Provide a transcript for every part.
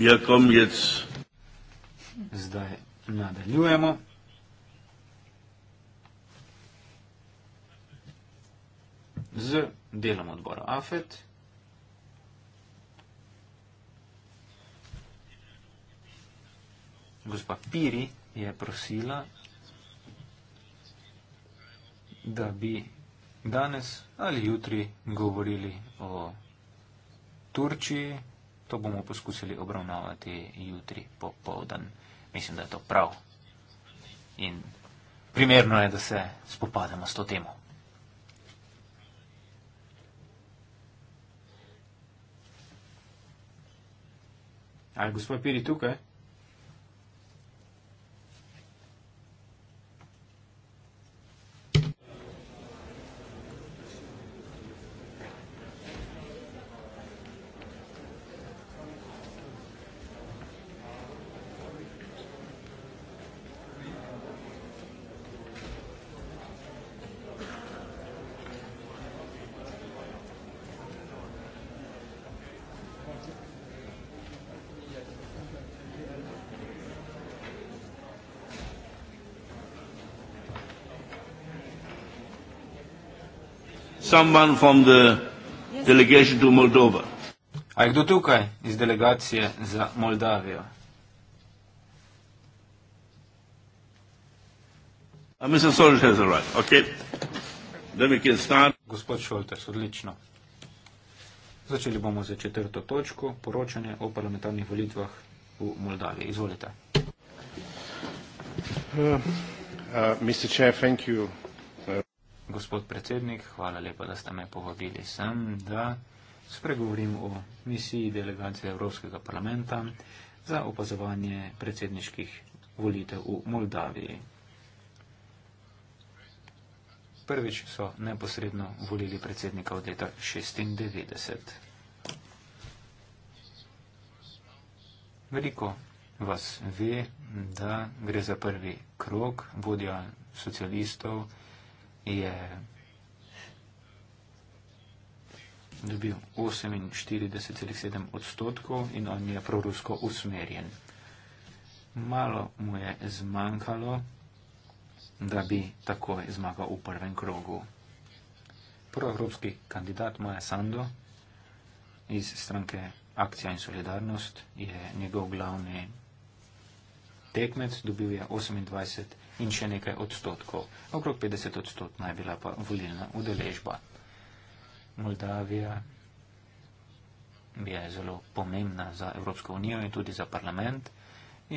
Ja, komjec. Zdaj nadaljujemo. Z delom odbora AFET. Gospa Piri je prosila, da bi danes ali jutri govorili o Turčiji, To bomo poskusili obravnavati jutri popovdan. Mislim, da je to prav. In primerno je, da se spopademo s to temo. Ali gospod Piri tukaj? someone from the delegation to Moldova. A kdo tukaj iz delegacije za Moldavijo? Uh, Mr. Solters has arrived. Okay. Then we can start. Gospod Solters, odlično. Začeli bomo za četrto točko, poročanje o parlamentarnih volitvah v Moldaviji. Izvolite. Uh, uh, Mr. Chair, thank you Gospod predsednik, hvala lepa, da ste me povabili sem, da spregovorim o misiji delegacije Evropskega parlamenta za opazovanje predsedniških volitev v Moldaviji. Prvič so neposredno volili predsednika od leta 1996. Veliko vas ve, da gre za prvi krok vodja socialistov, je dobil 48,7 odstotkov in on je prorusko usmerjen. Malo mu je zmanjkalo, da bi takoj zmagal v prvem krogu. Proevropski kandidat Maja Sando iz stranke Akcija in Solidarnost je njegov glavni tekmec, dobil je 28 odstotkov in še nekaj odstotkov. Okrog 50 odstotna je bila pa volilna udeležba. Moldavija je zelo pomembna za Evropsko unijo in tudi za parlament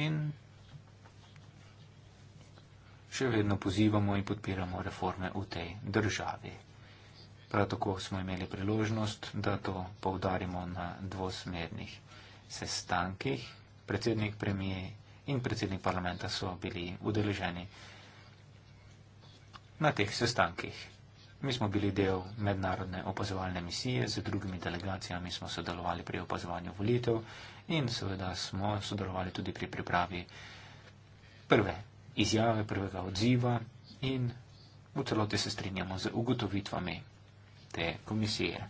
in še vedno pozivamo in podpiramo reforme v tej državi. Prav tako smo imeli priložnost, da to poudarimo na dvosmernih sestankih. Predsednik premije in predsednik parlamenta so bili udeleženi na teh sestankih. Mi smo bili del mednarodne opazovalne misije, z drugimi delegacijami smo sodelovali pri opazovanju volitev in seveda smo sodelovali tudi pri pripravi prve izjave, prvega odziva in v celoti se strinjamo z ugotovitvami te komisije.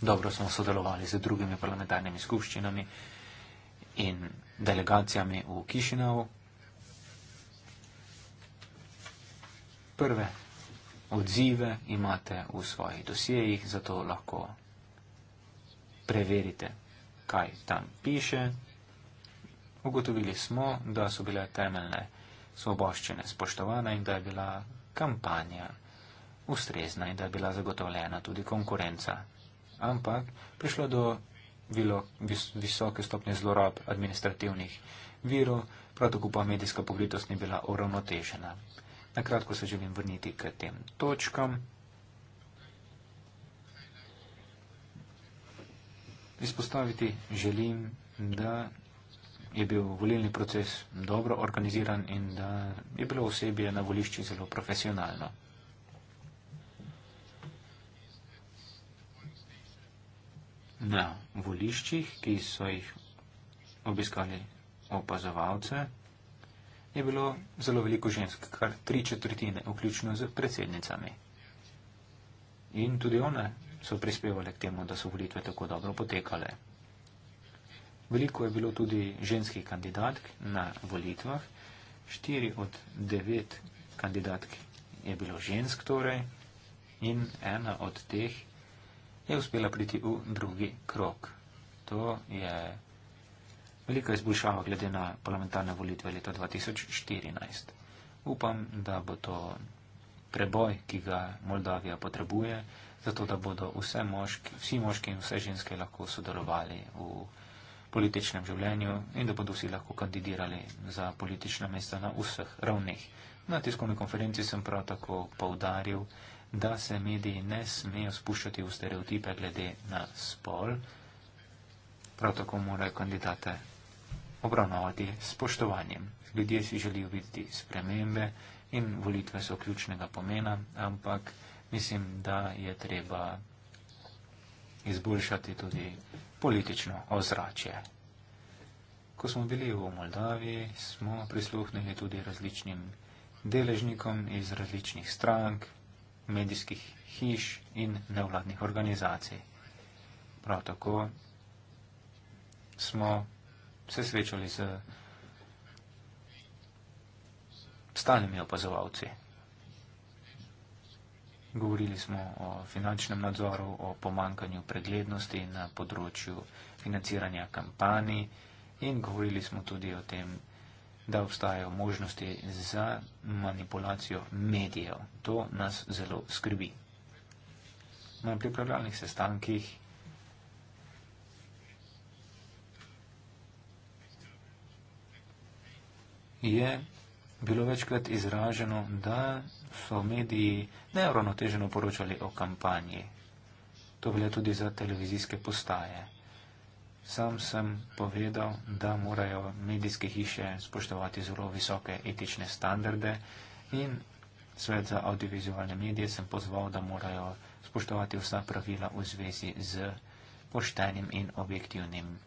Dobro smo sodelovali z drugimi parlamentarnimi skupščinami in delegacijami v Kišinevu. Prve odzive imate v svojih dosijejih, zato lahko preverite, kaj tam piše. Ugotovili smo, da so bile temeljne svoboščine spoštovane in da je bila kampanja ustrezna in da je bila zagotovljena tudi konkurenca. Ampak prišlo do bilo vis, visoke stopnje zlorab administrativnih virov, prav tako pa medijska pokritost ni bila uravnotežena. Na kratko se želim vrniti k tem točkam. Izpostaviti želim, da je bil volilni proces dobro organiziran in da je bilo osebje na volišči zelo profesionalno. na voliščih, ki so jih obiskali opazovalce, je bilo zelo veliko žensk, kar tri četrtine, vključno z predsednicami. In tudi one so prispevali k temu, da so volitve tako dobro potekale. Veliko je bilo tudi ženskih kandidatk na volitvah. Štiri od devet kandidatk je bilo žensk torej in ena od teh je uspela priti v drugi krok. To je velika izboljšava glede na parlamentarne volitve leta 2014. Upam, da bo to preboj, ki ga Moldavija potrebuje, zato da bodo vse moški, vsi moški in vse ženske lahko sodelovali v političnem življenju in da bodo vsi lahko kandidirali za politična mesta na vseh ravneh. Na tiskovni konferenci sem prav tako poudaril, da se mediji ne smejo spuščati v stereotipe glede na spol. Prav tako morajo kandidate obravnavati s poštovanjem. Ljudje si želijo videti spremembe in volitve so ključnega pomena, ampak mislim, da je treba izboljšati tudi politično ozračje. Ko smo bili v Moldaviji, smo prisluhnili tudi različnim deležnikom iz različnih strank, medijskih hiš in nevladnih organizacij. Prav tako smo se srečali z stalnimi opazovalci. Govorili smo o finančnem nadzoru, o pomankanju preglednosti na področju financiranja kampanji in govorili smo tudi o tem, da obstajajo možnosti za manipulacijo medijev. To nas zelo skrbi. Na pripravljalnih sestankih je bilo večkrat izraženo, da so mediji neuravnoteženo poročali o kampanji. To velja tudi za televizijske postaje. Sam sem povedal, da morajo medijske hiše spoštovati zelo visoke etične standarde in svet za audiovizualne medije sem pozval, da morajo spoštovati vsa pravila v zvezi z poštenim in objektivnim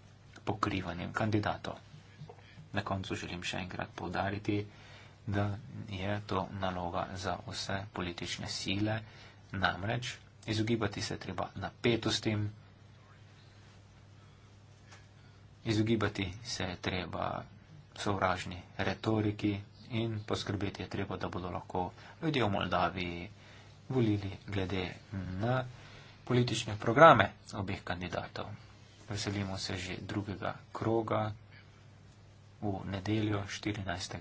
pokrivanjem kandidatov. Na koncu želim še enkrat povdariti, da je to naloga za vse politične sile, namreč izogibati se treba napetostim, Izogibati se je treba sovražni retoriki in poskrbeti je treba, da bodo lahko ljudje v Moldaviji volili glede na politične programe obeh kandidatov. Veselimo se že drugega kroga v nedeljo 14.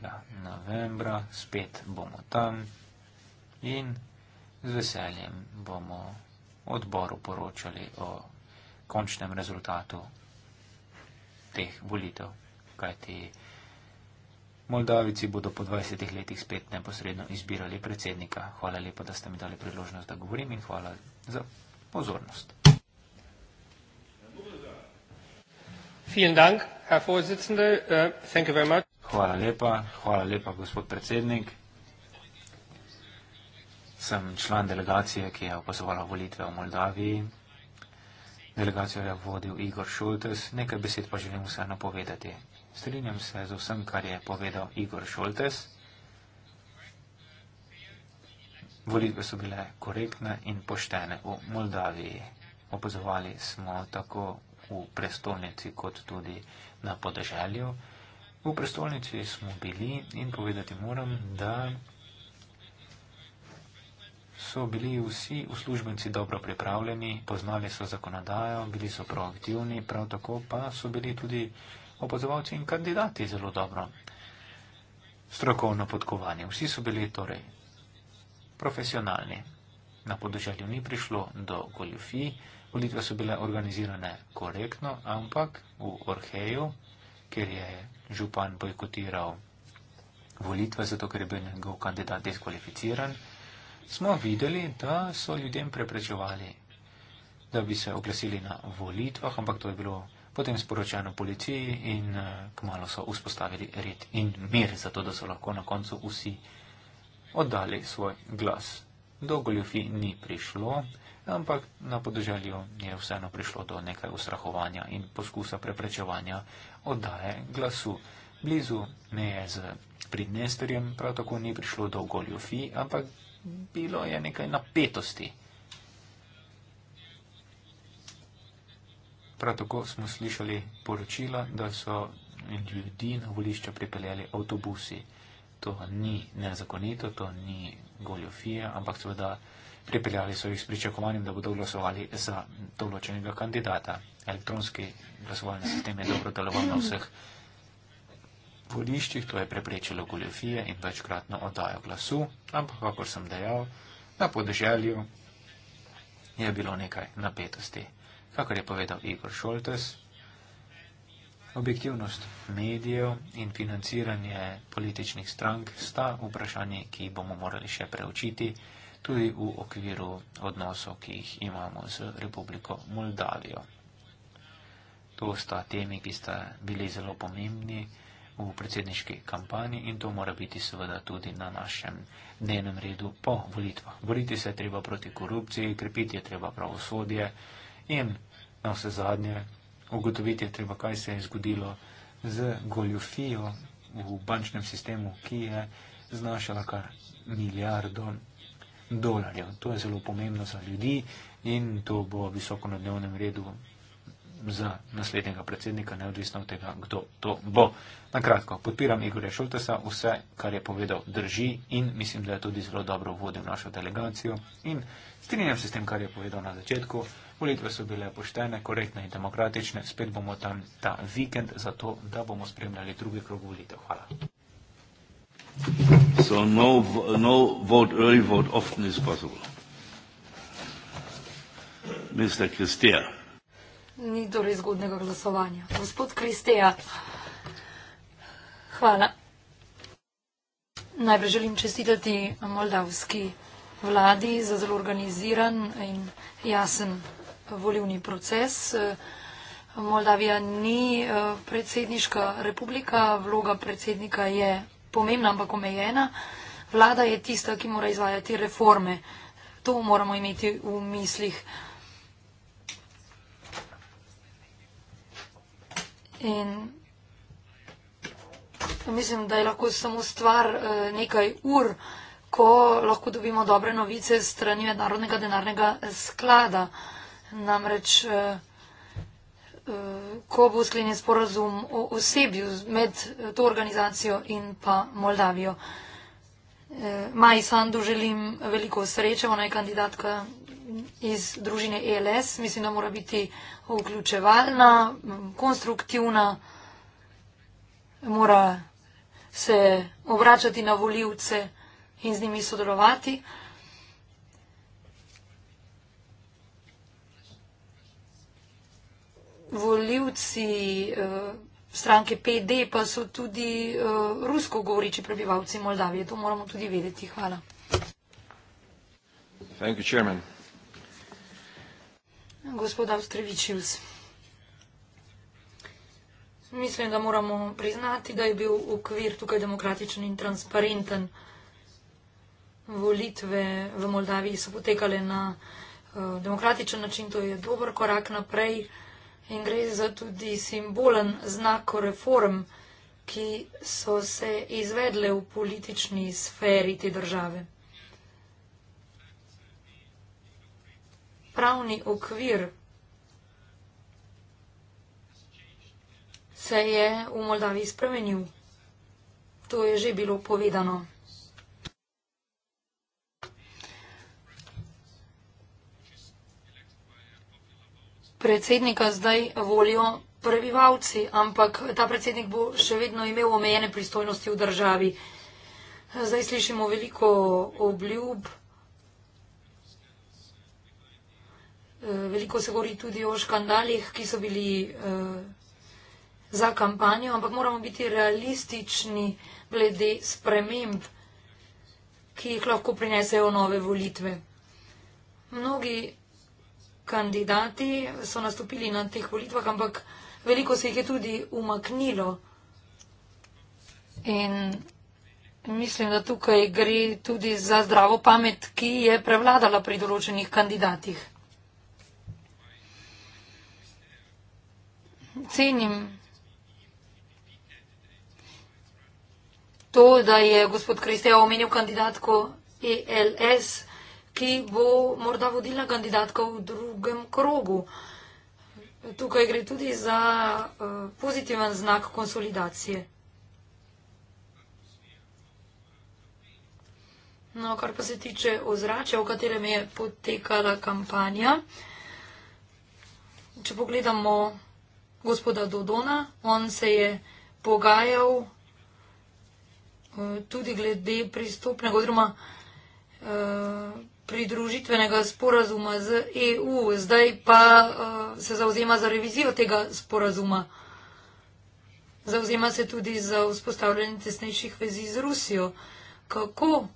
novembra, spet bomo tam in z veseljem bomo odboru poročali o končnem rezultatu teh volitev, kajti Moldavici bodo po 20 letih spet neposredno izbirali predsednika. Hvala lepa, da ste mi dali priložnost, da govorim in hvala za pozornost. Äh, hvala lepa, hvala lepa, gospod predsednik. Sem član delegacije, ki je opazovala volitve v Moldaviji. Delegacijo je vodil Igor Šultes, nekaj besed pa želim vseeno povedati. Strinjam se z vsem, kar je povedal Igor Šultes. Volitve so bile korektne in poštene v Moldaviji. Opozovali smo tako v prestolnici kot tudi na podeželju. V prestolnici smo bili in povedati moram, da so bili vsi uslužbenci dobro pripravljeni, poznali so zakonodajo, bili so proaktivni, prav tako pa so bili tudi opozovalci in kandidati zelo dobro strokovno podkovani. Vsi so bili torej profesionalni. Na podeželju ni prišlo do goljufij, volitve so bile organizirane korektno, ampak v Orheju, kjer je župan bojkotiral volitve, zato ker je bil njegov kandidat diskvalificiran, smo videli, da so ljudem preprečevali, da bi se oglasili na volitvah, ampak to je bilo potem sporočeno policiji in eh, kmalo so vzpostavili red in mir, zato da so lahko na koncu vsi oddali svoj glas. Do goljofi ni prišlo, ampak na podeželju je vseeno prišlo do nekaj ustrahovanja in poskusa preprečevanja oddaje glasu. Blizu meje z Pridnesterjem prav tako ni prišlo do goljofi, ampak bilo je nekaj napetosti. Prav tako smo slišali poročila, da so ljudi na volišča pripeljali avtobusi. To ni nezakonito, to ni goljofija, ampak seveda pripeljali so jih s pričakovanjem, da bodo glasovali za določenega kandidata. Elektronski glasovalni sistem je dobro deloval na vseh voliščih, to je preprečilo goljofije in večkratno oddajo glasu, ampak, kakor sem dejal, na podeželju je bilo nekaj napetosti. Kakor je povedal Igor Šoltes, objektivnost medijev in financiranje političnih strank sta vprašanje, ki bomo morali še preučiti, tudi v okviru odnosov, ki jih imamo z Republiko Moldavijo. To sta temi, ki sta bili zelo pomembni v predsedniški kampanji in to mora biti seveda tudi na našem dnevnem redu po volitvah. Boriti se je treba proti korupciji, krepiti je treba pravosodje in na vse zadnje ugotoviti je treba, kaj se je zgodilo z goljofijo v bančnem sistemu, ki je znašala kar milijardo dolarjev. To je zelo pomembno za ljudi in to bo visoko na dnevnem redu za naslednjega predsednika, neodvisno od tega, kdo to bo. Na kratko, podpiram Igorja Šoltesa, vse, kar je povedal, drži in mislim, da je tudi zelo dobro vodil našo delegacijo in strinjam se s tem, kar je povedal na začetku. Volitve so bile poštene, korektne in demokratične. Spet bomo tam ta vikend, zato da bomo spremljali drugi krog volitev. Hvala. So no, no vote, early vote often is possible. Mr. Christier. Ni torej zgodnega glasovanja. Gospod Kristeja, hvala. Najprej želim čestitati moldavski vladi za zelo organiziran in jasen volivni proces. Moldavija ni eh, predsedniška republika, vloga predsednika je pomembna, ampak omejena. Vlada je tista, ki mora izvajati reforme. To moramo imeti v mislih. In mislim, da je lahko samo stvar eh, nekaj ur, ko lahko dobimo dobre novice strani mednarodnega denarnega sklada. Namreč, eh, eh, ko bo sklenjen sporazum o osebju med to organizacijo in pa Moldavijo. Maji Sandu želim veliko sreče, ona je kandidatka iz družine ELS. Mislim, da mora biti vključevalna, konstruktivna, mora se obračati na voljivce in z njimi sodelovati. Voljivci eh, stranke PD pa so tudi eh, rusko govoriči prebivalci Moldavije. To moramo tudi vedeti. Hvala. Thank you, Chairman. Gospod Avstrevičius, mislim, da moramo priznati, da je bil okvir tukaj demokratičen in transparenten. Volitve v Moldaviji so potekale na eh, demokratičen način, to je dober korak naprej in gre za tudi simbolen znak reform, ki so se izvedle v politični sferi te države. pravni okvir se je v Moldaviji spremenil. To je že bilo povedano. Predsednika zdaj volijo prebivalci, ampak ta predsednik bo še vedno imel omejene pristojnosti v državi. Zdaj slišimo veliko obljub. Eh, veliko se govori tudi o škandalih, ki so bili uh, za kampanjo, ampak moramo biti realistični glede sprememb, ki jih lahko prinesejo nove volitve. Mnogi kandidati so nastopili na teh volitvah, ampak veliko se jih je tudi umaknilo. In mislim, da tukaj gre tudi za zdravo pamet, ki je prevladala pri določenih kandidatih. cenim to, da je gospod Kristeja omenil kandidatko ELS, ki bo morda vodila kandidatka v drugem krogu. Tukaj gre tudi za eh, pozitiven znak konsolidacije. No, kar pa se tiče ozračja, v katerem je potekala kampanja, če pogledamo gospoda Dodona. On se je pogajal eh, tudi glede pristopnega oziroma eh, pridružitvenega sporazuma z EU. Zdaj pa eh, se zauzema za revizijo tega sporazuma. Zauzema se tudi za vzpostavljanje tesnejših vezi z Rusijo. Kako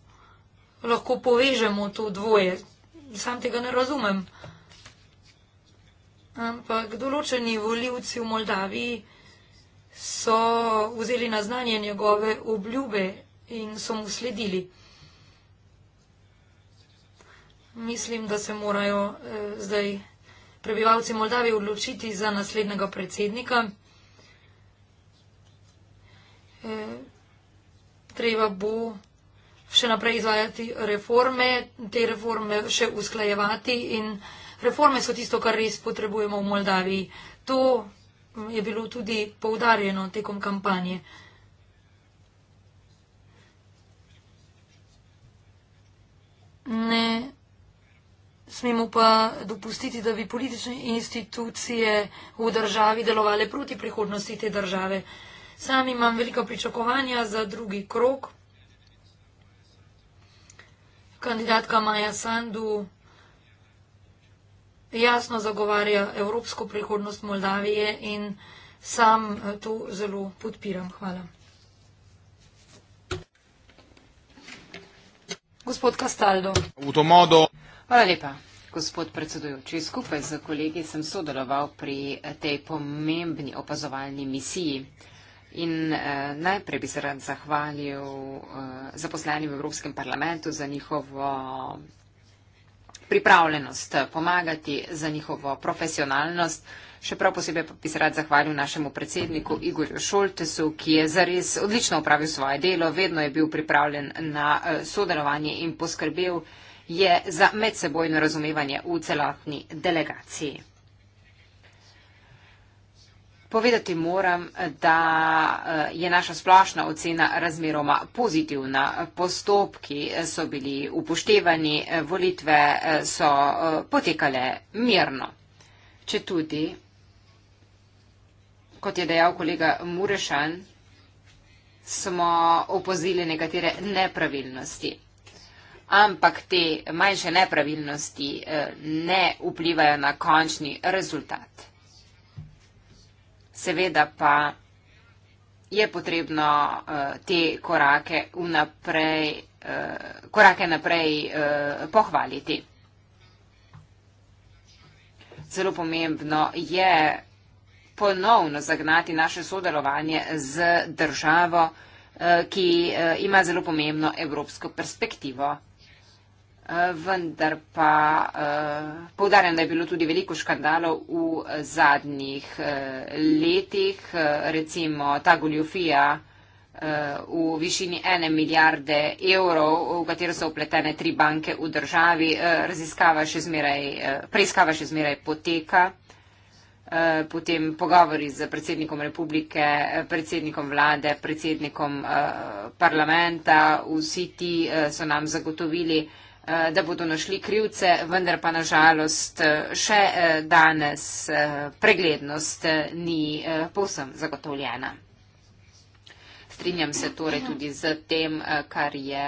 lahko povežemo to dvoje? Sam tega ne razumem ampak določeni voljivci v Moldaviji so vzeli na znanje njegove obljube in so mu sledili. Mislim, da se morajo eh, zdaj prebivalci Moldavije odločiti za naslednjega predsednika. Eh, treba bo še naprej izvajati reforme, te reforme še usklajevati in eh, Reforme so tisto, kar res potrebujemo v Moldaviji. To je bilo tudi poudarjeno tekom kampanje. Ne smemo pa dopustiti, da bi politične institucije v državi delovale proti prihodnosti te države. Sam imam velika pričakovanja za drugi krok. Kandidatka Maja Sandu jasno zagovarja evropsko prihodnost Moldavije in sam eh, to zelo podpiram. Hvala. Gospod Kastaldo. V to modo. Hvala lepa. Gospod predsedujoči, skupaj z kolegi sem sodeloval pri eh, tej pomembni opazovalni misiji. In eh, najprej bi se rad zahvalil eh, zaposlenim v Evropskem parlamentu za njihovo pripravljenost pomagati, za njihovo profesionalnost. Še prav posebej pa bi se rad zahvalil našemu predsedniku Igorju Šoltesu, ki je zares odlično upravil svoje delo, vedno je bil pripravljen na eh, sodelovanje in poskrbel je za medsebojno razumevanje v celotni delegaciji. Povedati moram, da eh, je naša splošna ocena razmeroma pozitivna. Postopki eh, so bili upoštevani, eh, volitve so potekale mirno. Če tudi, kot je dejal kolega Murešan, smo opozili nekatere nepravilnosti. Ampak te manjše nepravilnosti ne vplivajo na končni rezultat. Seveda pa je potrebno uh, te korake vnaprej, uh, korake naprej uh, pohvaliti. Zelo pomembno je ponovno zagnati naše sodelovanje z državo, ki ima zelo pomembno evropsko perspektivo. Eh, vendar pa eh, povdarjam, da je bilo tudi veliko škandalov v zadnjih eh, letih, recimo ta goljofija v višini ene milijarde evrov, v katero so upletene tri banke v državi, raziskava še zmeraj, preiskava še zmeraj poteka, potem pogovori z predsednikom republike, predsednikom vlade, predsednikom parlamenta, vsi ti so nam zagotovili, Eh, da bodo našli krivce, vendar pa nažalost eh, še eh, danes preglednost ni povsem zagotovljena. Strinjam se torej tudi z tem, kar je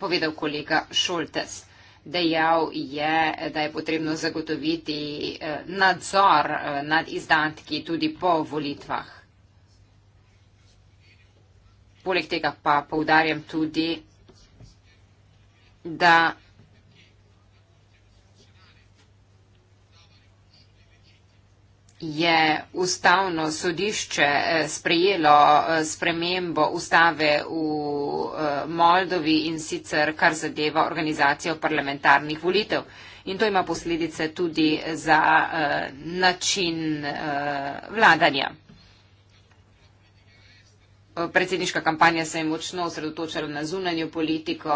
povedal kolega Šoltes. Dejal je, da je potrebno zagotoviti nadzor nad izdatki tudi po volitvah. Poleg tega pa poudarjam tudi, da je ustavno sodišče eh, sprejelo eh, spremembo ustave v eh, Moldovi in sicer kar zadeva organizacijo parlamentarnih volitev. In to ima posledice tudi za način vladanja predsedniška kampanja se je močno osredotočala na zunanjo politiko,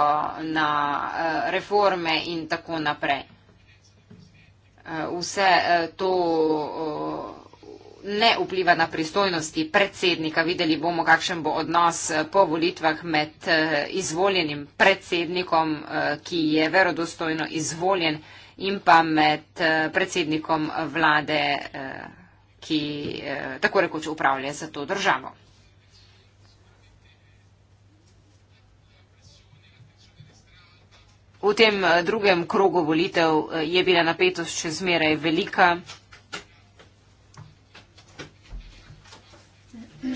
na eh, reforme in tako naprej. Eh, vse eh, to ne vpliva na pristojnosti predsednika. Videli bomo, kakšen bo odnos po volitvah med izvoljenim predsednikom, ki je verodostojno izvoljen, in pa med predsednikom vlade, ki tako rekoč upravlja za to državo. V tem eh, drugem krogu volitev eh, je bila napetost še zmeraj velika.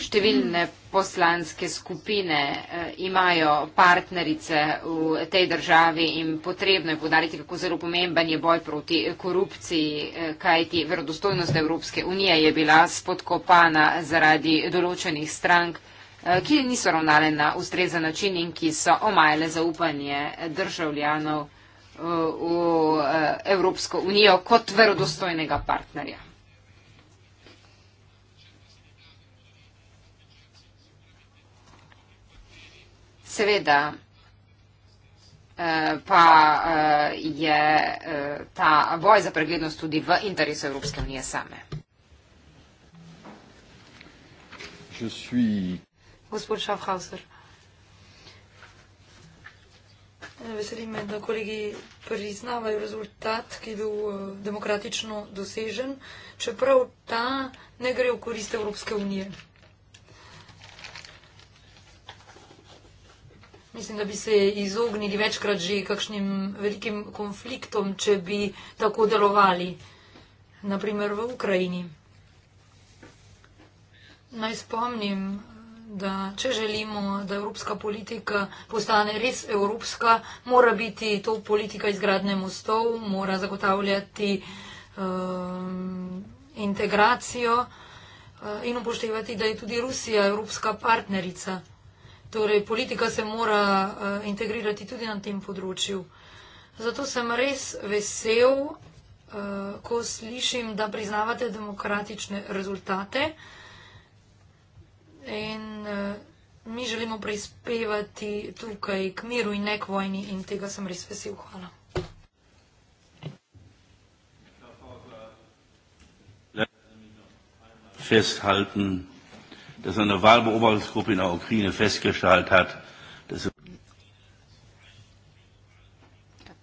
Številne poslanske skupine eh, imajo partnerice v tej državi in potrebno je podariti, kako zelo pomemben je boj proti korupciji, kajti verodostojnost Evropske unije je bila spodkopana zaradi določenih strank. Eh, ki niso ravnale na ustrezen način in ki so omajale zaupanje državljanov eh, v eh, Evropsko unijo kot verodostojnega partnerja. Seveda pa je ta boj za preglednost tudi v interesu Evropske unije same gospod Šafhauser. Veseli me, da kolegi priznavajo rezultat, ki je bil eh, demokratično dosežen, čeprav ta ne gre v korist Evropske unije. Mislim, da bi se izognili večkrat že kakšnim velikim konfliktom, če bi tako delovali, naprimer v Ukrajini. Naj spomnim, da če želimo, da evropska politika postane res evropska, mora biti to politika izgradne mostov, mora zagotavljati um, integracijo uh, in upoštevati, da je tudi Rusija evropska partnerica. Torej, politika se mora uh, integrirati tudi na tem področju. Zato sem res vesel, uh, ko slišim, da priznavate demokratične rezultate. Uh, In uh, mi želimo prispevati tukaj k miru in ne k vojni in tega sem res vesel. Hvala. festhalten, dass eine Wahlbeobachtungsgruppe in der Ukraine festgestellt hat,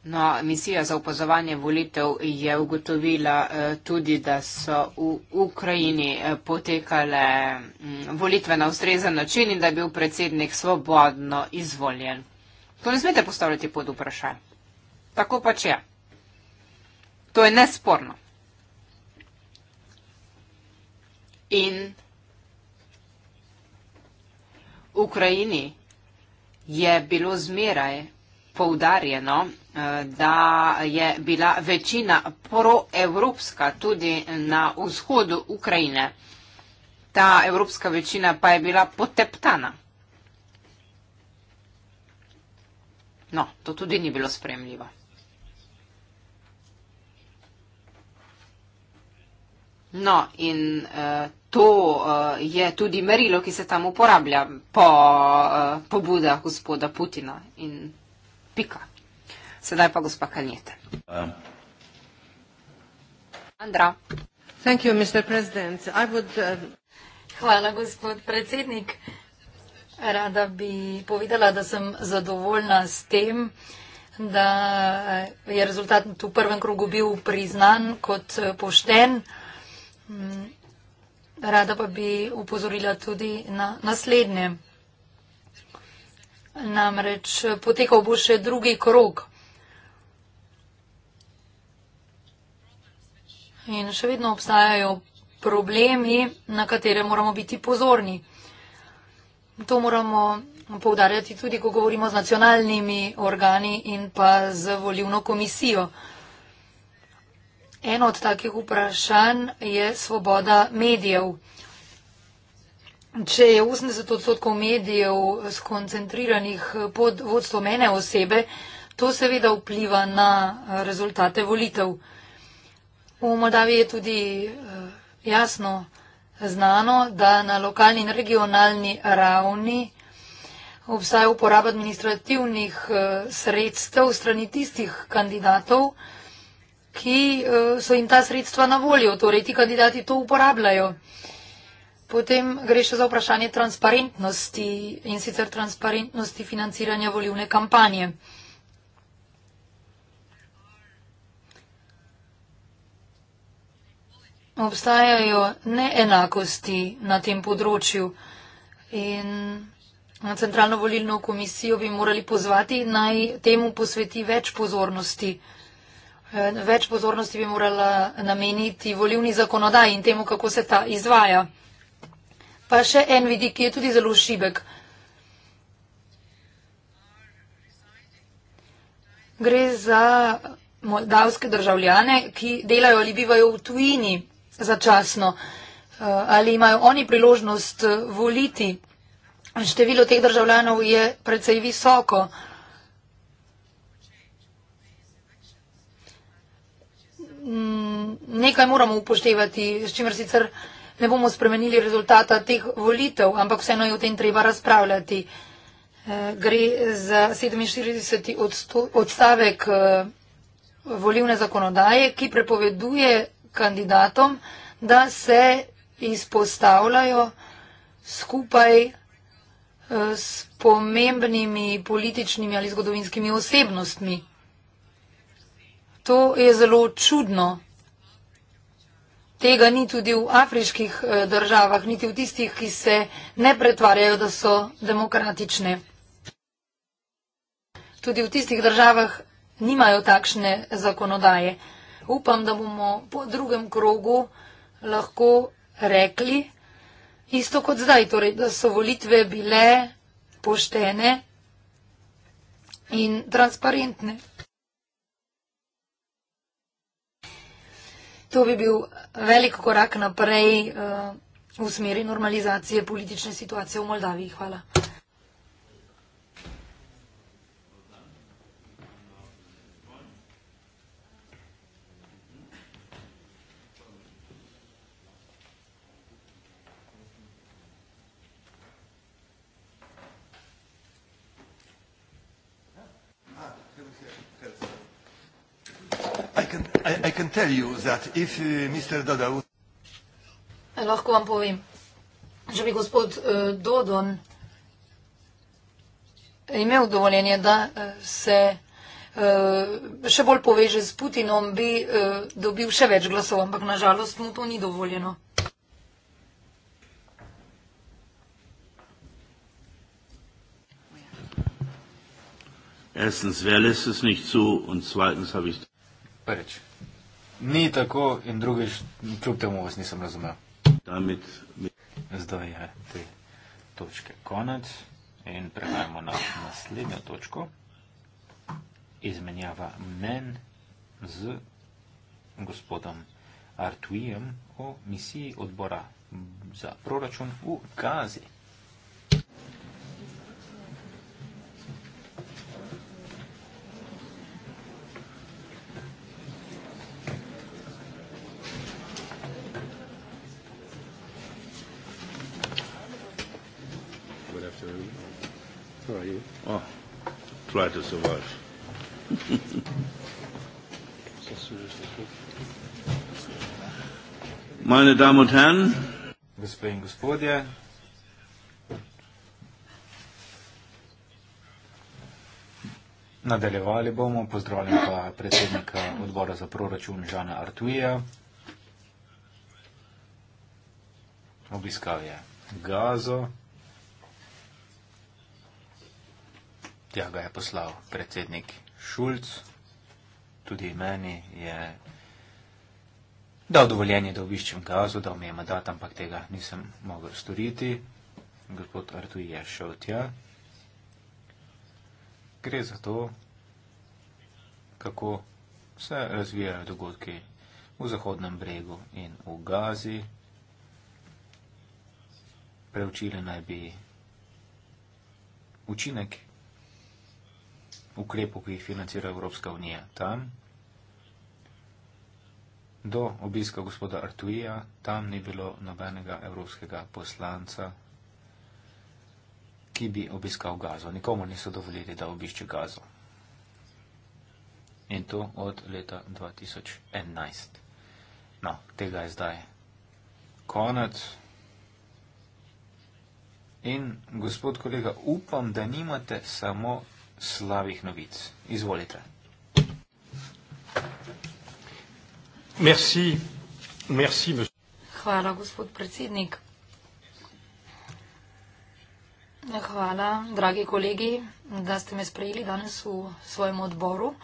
No, misija za upozovanje volitev je ugotovila eh, tudi, da so v Ukrajini eh, potekale mm, volitve na ustrezen način in da je bil predsednik svobodno izvoljen. To ne smete postavljati pod vprašanje. Tako pač je. To je nesporno. In v Ukrajini je bilo zmeraj poudarjeno, da je bila večina proevropska tudi na vzhodu Ukrajine. Ta evropska večina pa je bila poteptana. No, to tudi ni bilo spremljivo. No, in uh, to uh, je tudi merilo, ki se tam uporablja po uh, pobudah gospoda Putina in pika. Sedaj pa gospa Kanjete. Andra. Thank you, Mr. President. I would, uh... Hvala, gospod predsednik. Rada bi povedala, da sem zadovoljna s tem, da eh, je rezultat v prvem krogu bil priznan kot eh, pošten. Mm, rada pa bi upozorila tudi na naslednje. Namreč eh, potekal bo še drugi krog. in še vedno obstajajo problemi, na katere moramo biti pozorni. To moramo povdarjati tudi, ko govorimo z nacionalnimi organi in pa z volivno komisijo. Eno od takih vprašanj je svoboda medijev. Če je 80 odstotkov medijev skoncentriranih pod vodstvo mene osebe, to seveda vpliva na rezultate volitev. V Moldaviji je tudi eh, jasno znano, da na lokalni in regionalni ravni obstaja uporaba administrativnih eh, sredstev strani tistih kandidatov, ki eh, so jim ta sredstva na voljo. Torej, ti kandidati to uporabljajo. Potem gre še za vprašanje transparentnosti in sicer transparentnosti financiranja volivne kampanje. obstajajo neenakosti na tem področju in na centralno volilno komisijo bi morali pozvati naj temu posveti več pozornosti. Eh, več pozornosti bi morala nameniti volivni zakonodaj in temu, kako se ta izvaja. Pa še en vidik, ki je tudi zelo šibek. Gre za moldavske državljane, ki delajo ali bivajo v tujini začasno. Eh, ali imajo oni priložnost eh, voliti? Število teh državljanov je precej visoko. Mm, nekaj moramo upoštevati, s čimer sicer ne bomo spremenili rezultata teh volitev, ampak vseeno je o tem treba razpravljati. Eh, gre za 47 odstavek volivne zakonodaje, ki prepoveduje kandidatom, da se izpostavljajo skupaj eh, s pomembnimi političnimi ali zgodovinskimi osebnostmi. To je zelo čudno. Tega ni tudi v afriških eh, državah, niti v tistih, ki se ne pretvarjajo, da so demokratične. Tudi v tistih državah nimajo takšne zakonodaje upam, da bomo po drugem krogu lahko rekli isto kot zdaj, torej, da so volitve bile poštene in transparentne. To bi bil velik korak naprej uh, v smeri normalizacije politične situacije v Moldaviji. Hvala. tell you that if uh, Mr. Dodo... Eh, lahko vam povem, že bi gospod uh, Dodon eh, imel dovoljenje, da se uh, še bolj poveže z Putinom, bi uh, dobil še več glasov, ampak nažalost mu to ni dovoljeno. Prvič, ni tako, in drugič, kljub temu vas nisem razumel. Zdaj je te točke konec in prehajamo na naslednjo točko. Izmenjava mnen z gospodom Artujem o misiji odbora za proračun v Gazi. try to survive. Meine Damen und Herren, Gospe in gospodje, nadaljevali bomo, pozdravljam pa predsednika odbora za proračun Žana Artuija. Obiskal je Gazo. Tja ga je poslal predsednik Šulc, tudi meni je dal dovoljenje, da obiščem Gazo, dal mi je mandat, ampak tega nisem mogel storiti. Gospod Artuji je šel tja. Gre za to, kako se razvijajo dogodki v Zahodnem bregu in v Gazi. Preučili naj bi učinek ukrepov, ki jih financira Evropska unija. Tam, do obiska gospoda Artuija, tam ni bilo nobenega evropskega poslanca, ki bi obiskal gazo. Nikomu niso dovolili, da obišče gazo. In to od leta 2011. No, tega je zdaj konec. In gospod kolega, upam, da nimate samo slavih novic. Izvolite. Merci. Merci, Hvala, gospod predsednik. Hvala, dragi kolegi, da ste me sprejeli danes v svojem odboru.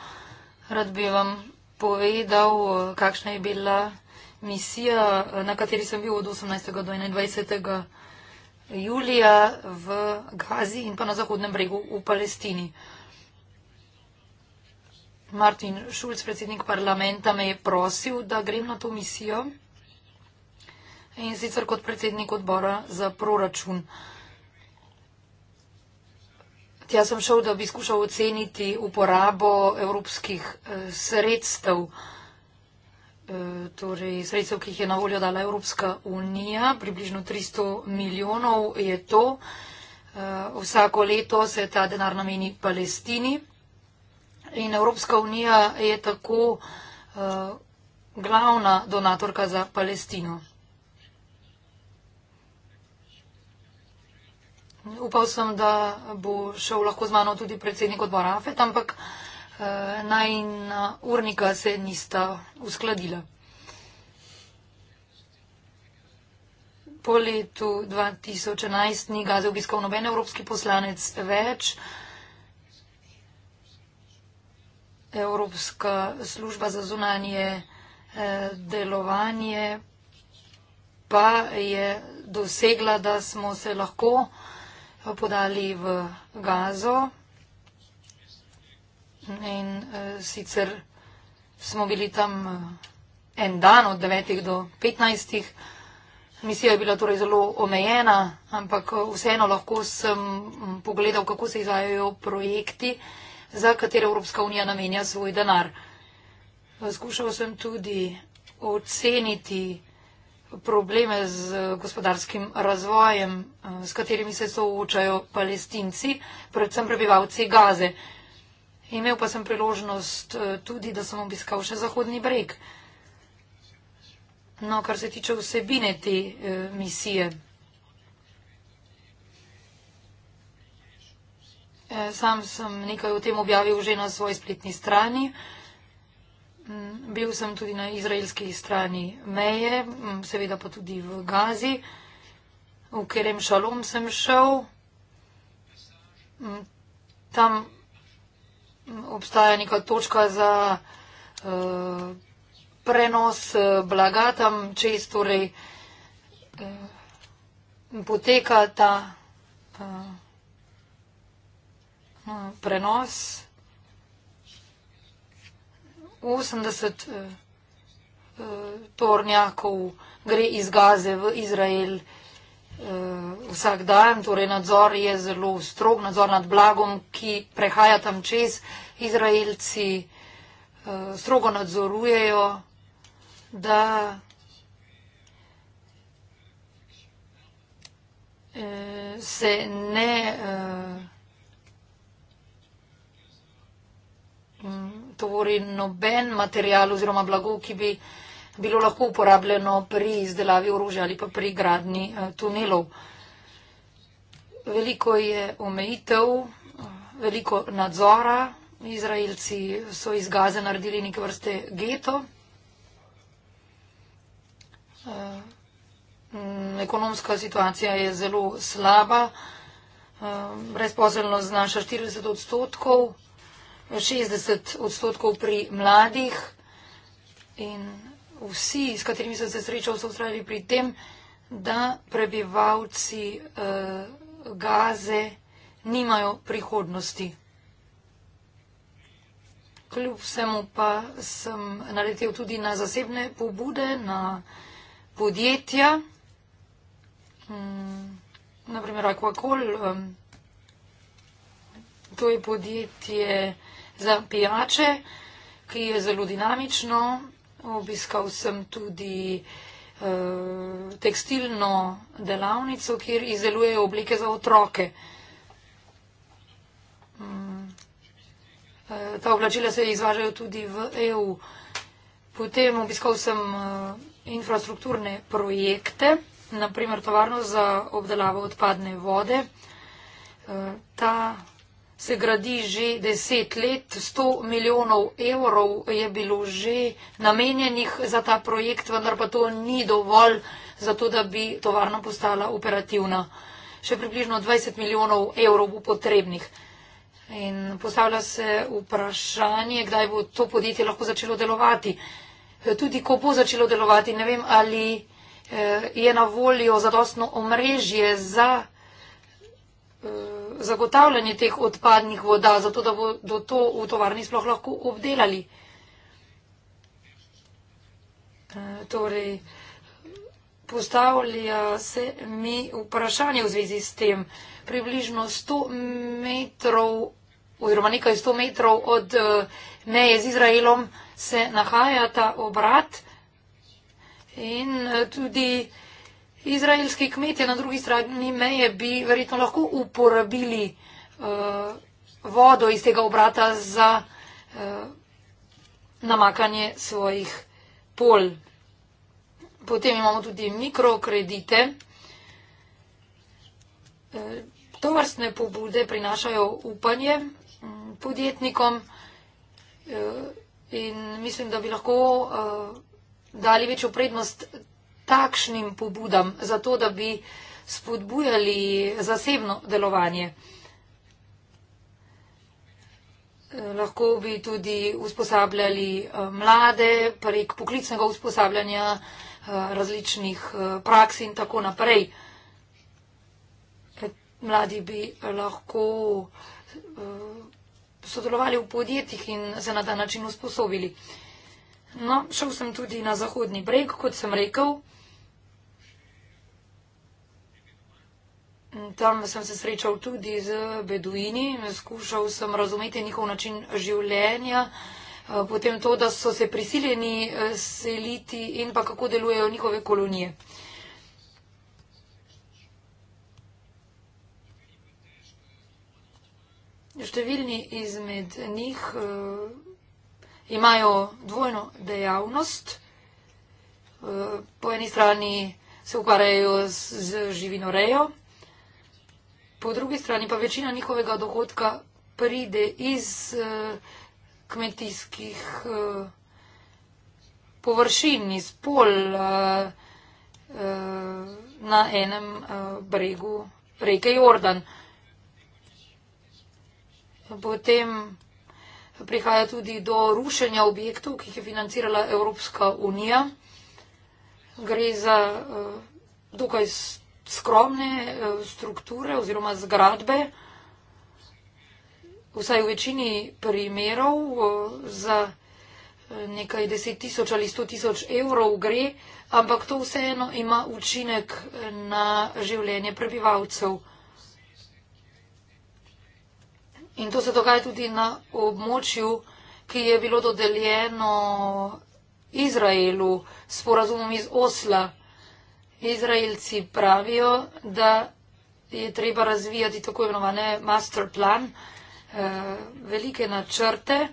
Rad bi vam povedal, kakšna je bila misija, na kateri sem bil od 18. do 21 julija v Gazi in pa na Zahodnem bregu v Palestini. Martin Šulc, predsednik parlamenta, me je prosil, da grem na to misijo in sicer kot predsednik odbora za proračun. Tja sem šel, da bi skušal oceniti uporabo evropskih eh, sredstev torej sredstev, ki jih je na voljo dala Evropska unija, približno 300 milijonov je to. Eh, vsako leto se ta denar nameni Palestini in Evropska unija je tako eh, glavna donatorka za Palestino. Upal sem, da bo šel lahko z mano tudi predsednik odbora AFET, ampak uh, Eh, naj in eh, urnika se nista uskladila. Po letu 2011 ni gaze obiskal noben evropski poslanec več. Evropska služba za zunanje eh, delovanje pa je dosegla, da smo se lahko podali v gazo. Ne, in uh, sicer smo bili tam uh, en dan od 9 do 15. Misija je bila torej zelo omejena, ampak eh, vseeno lahko sem mm, pogledal, kako se izvajajo projekti, za katere Evropska unija namenja svoj denar. Skušal sem tudi oceniti probleme z gospodarskim razvojem, s katerimi se soočajo palestinci, predvsem prebivalci Gaze. Imel pa sem priložnost eh, tudi, da sem obiskal še Zahodni breg. No, kar se tiče vsebine te eh, misije. Eh, sam sem nekaj o tem objavil že na svoji spletni strani. Mm, bil sem tudi na izraelski strani meje, mm, seveda pa tudi v Gazi, v Kerem Šalom sem šel. Mm, tam obstaja neka točka za uh, prenos uh, blaga tam, če iz torej uh, poteka ta uh, prenos. 80 uh, uh, tornjakov gre iz Gaze v Izrael. Eh, vsak dan, torej nadzor je zelo strog, nadzor nad blagom, ki prehaja tam čez. Izraelci eh, strogo nadzorujejo, da eh, se ne tvori noben material oziroma blago, ki bi bilo lahko uporabljeno pri izdelavi orožja ali pa pri gradni eh, tunelov. Veliko je omejitev, eh, veliko nadzora. Izraelci so iz Gaze naredili neke vrste geto. Eh, ekonomska situacija je zelo slaba. Brezposelnost znaša 40 odstotkov, 60 odstotkov pri mladih in vsi, s katerimi sem se srečal, so ustrajali pri tem, da prebivalci uh, gaze nimajo prihodnosti. Kljub vsemu pa sem naletel tudi na zasebne pobude, na podjetja, um, mm, naprimer Aquacol. Um, to je podjetje za pijače, ki je zelo dinamično. Obiskal sem tudi eh, tekstilno delavnico, kjer izdelujejo oblike za otroke. Mm. Eh, ta oblačila se izvažajo tudi v EU. Potem obiskal sem eh, infrastrukturne projekte, naprimer tovarno za obdelavo odpadne vode. Ta se gradi že deset let, sto milijonov evrov je bilo že namenjenih za ta projekt, vendar pa to ni dovolj za to, da bi tovarna postala operativna. Še približno 20 milijonov evrov bo potrebnih. In postavlja se vprašanje, kdaj bo to podjetje lahko začelo delovati. Tudi ko bo začelo delovati, ne vem, ali eh, je na voljo zadostno omrežje za Eh, zagotavljanje teh odpadnih voda, zato da bodo to v tovarni sploh lahko obdelali. Eh, torej, postavlja se mi vprašanje v zvezi s tem. Približno 100 metrov oziroma nekaj 100 metrov od eh, meje z Izraelom se nahajata obrat in tudi uh, Izraelski kmetje na drugi strani meje bi verjetno lahko uporabili uh, vodo iz tega obrata za uh, namakanje svojih pol. Potem imamo tudi mikrokredite. Eh, tovrstne pobude prinašajo upanje mm, podjetnikom in mislim, da bi lahko dali večjo prednost takšnim pobudam, zato da bi spodbujali zasebno delovanje. Eh, lahko bi tudi usposabljali eh, mlade prek poklicnega usposabljanja eh, različnih praks in tako naprej. Mladi bi lahko sodelovali v podjetjih in se na ta način usposobili. No, šel sem tudi na Zahodni breg, kot sem rekel. Tam sem se srečal tudi z beduini, skušal sem razumeti njihov način življenja, eh, potem to, da so se prisiljeni eh, seliti in pa kako delujejo njihove kolonije. Številni izmed njih uh, imajo dvojno dejavnost. Uh, po eni strani se ukvarjajo z, z živinorejo, po drugi strani pa večina njihovega dohodka pride iz uh, kmetijskih uh, površin, iz pol uh, uh, na enem uh, bregu reke Jordan. Potem prihaja tudi do rušenja objektov, ki jih je financirala Evropska unija. Gre za uh, dokaj skromne eh, strukture oziroma zgradbe, vsaj v večini primerov, eh, za eh, nekaj deset tisoč ali sto tisoč evrov gre, ampak to vseeno ima učinek na življenje prebivalcev. In to se dogaja tudi na območju, ki je bilo dodeljeno Izraelu s porazumom iz Osla. Izraelci pravijo, da je treba razvijati tako imenovane master plan, eh, velike načrte.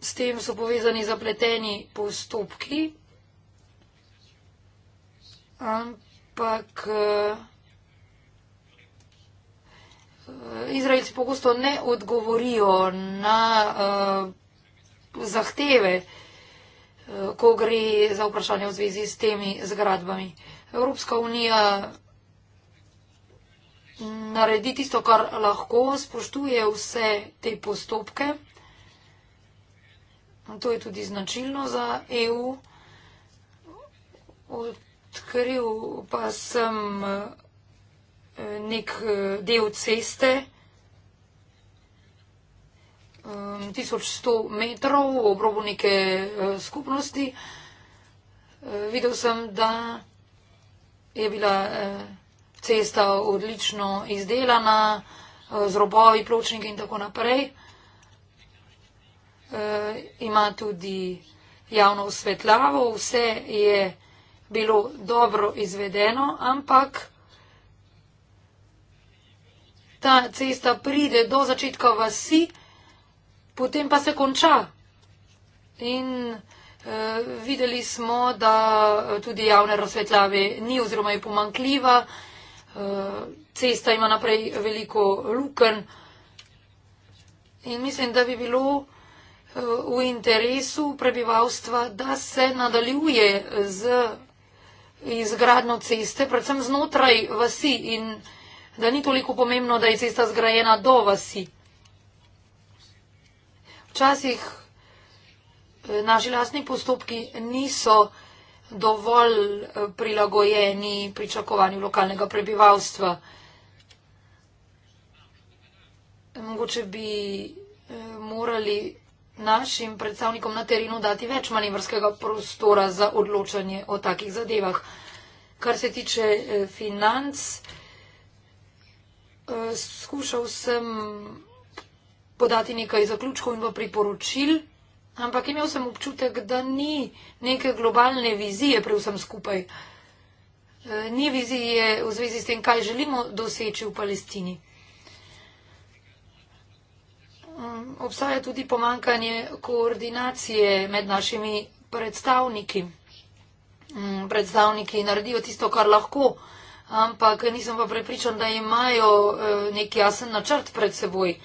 S tem so povezani zapleteni postopki, ampak eh, Izraelci pogosto ne odgovorijo na uh, zahteve, eh, ko gre za vprašanje v zvezi s temi zgradbami. Evropska unija naredi tisto, kar lahko, spoštuje vse te postopke. To je tudi značilno za EU. Odkril pa sem eh, nek eh, del ceste. 1100 um, metrov v obrobu neke eh, skupnosti. Eh, videl sem, da je bila eh, cesta odlično izdelana, z robovi, pločniki in tako naprej. Ima tudi javno osvetljavo, vse je bilo dobro izvedeno, ampak ta cesta pride do začetka vasi, potem pa se konča. In e, videli smo, da eh, tudi javne razsvetljave ni oziroma je pomankljiva, e, eh, cesta ima naprej veliko luken. In mislim, da bi bilo v interesu prebivalstva, da se nadaljuje z izgradno ceste, predvsem znotraj vasi in da ni toliko pomembno, da je cesta zgrajena do vasi včasih eh, naši lastni postopki niso dovolj eh, prilagojeni pričakovanju lokalnega prebivalstva. Mogoče bi eh, morali našim predstavnikom na terenu dati več manevrskega prostora za odločanje o takih zadevah. Kar se tiče financ, skušal sem podati nekaj zaključkov in pa priporočil, ampak imel sem občutek, da ni neke globalne vizije pri vsem skupaj. E, ni vizije v zvezi s tem, kaj želimo doseči v Palestini. Mm, obstaja tudi pomankanje koordinacije med našimi predstavniki. Mm, predstavniki naredijo tisto, kar lahko, ampak nisem pa prepričan, da imajo e, nek jasen načrt pred seboj.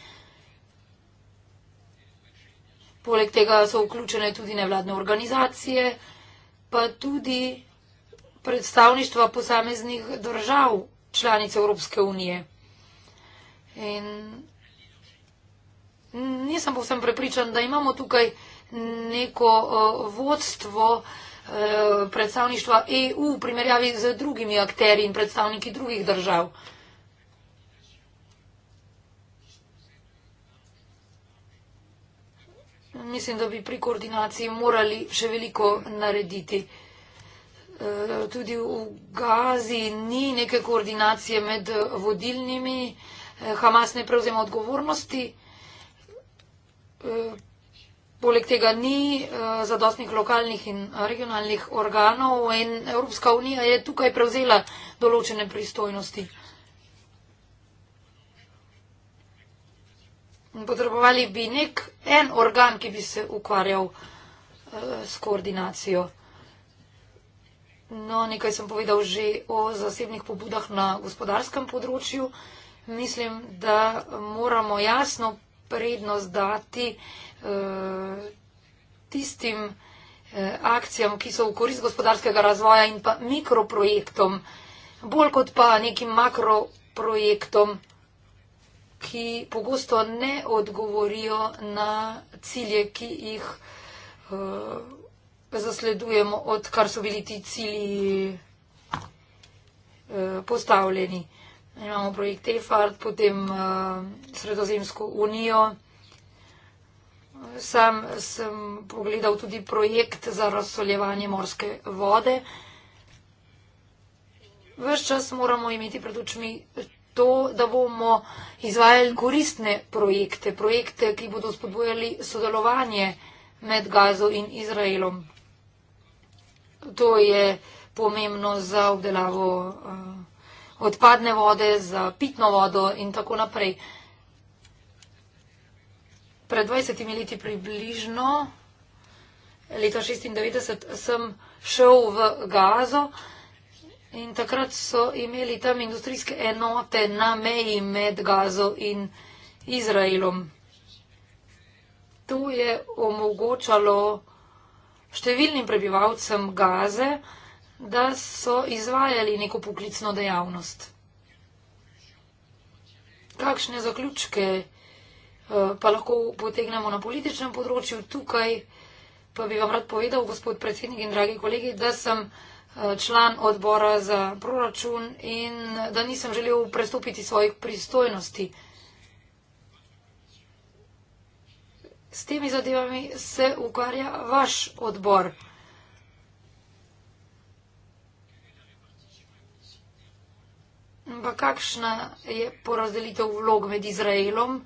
Poleg tega so vključene tudi nevladne organizacije, pa tudi predstavništva posameznih držav članic Evropske unije. In nisem povsem prepričan, da imamo tukaj neko vodstvo e, predstavništva EU v primerjavi z drugimi akteri in predstavniki drugih držav. mislim, da bi pri koordinaciji morali še veliko narediti. Eh, tudi v Gazi ni neke koordinacije med vodilnimi. Eh, Hamas ne prevzema odgovornosti. Eh, poleg tega ni zadostnih lokalnih in regionalnih organov in Evropska unija je tukaj prevzela določene pristojnosti. potrebovali bi nek en organ, ki bi se ukvarjal uh, s koordinacijo. No, nekaj sem povedal že o zasebnih pobudah na gospodarskem področju. Mislim, da moramo jasno prednost dati uh, tistim uh, akcijam, ki so v korist gospodarskega razvoja in pa mikroprojektom, bolj kot pa nekim makroprojektom ki pogosto ne odgovorijo na cilje, ki jih uh, zasledujemo, odkar so bili ti cilji uh, postavljeni. Imamo projekt EFART, potem uh, Sredozemsko unijo. Sam sem pogledal tudi projekt za razsoljevanje morske vode. Ves čas moramo imeti pred očmi to, da bomo izvajali koristne projekte, projekte, ki bodo spodbojali sodelovanje med Gazo in Izraelom. To je pomembno za obdelavo uh, odpadne vode, za pitno vodo in tako naprej. Pred 20 leti približno, leta 1996, sem šel v Gazo. In takrat so imeli tam industrijske enote na meji med Gazo in Izraelom. To je omogočalo številnim prebivalcem Gaze, da so izvajali neko poklicno dejavnost. Kakšne zaključke eh, pa lahko potegnemo na političnem področju? Tukaj pa bi vam rad povedal, gospod predsednik in dragi kolegi, da sem. Eh, član odbora za proračun in da nisem želel prestopiti svojih pristojnosti. S temi zadevami se ukvarja vaš odbor. Pa kakšna je porazdelitev vlog med Izraelom,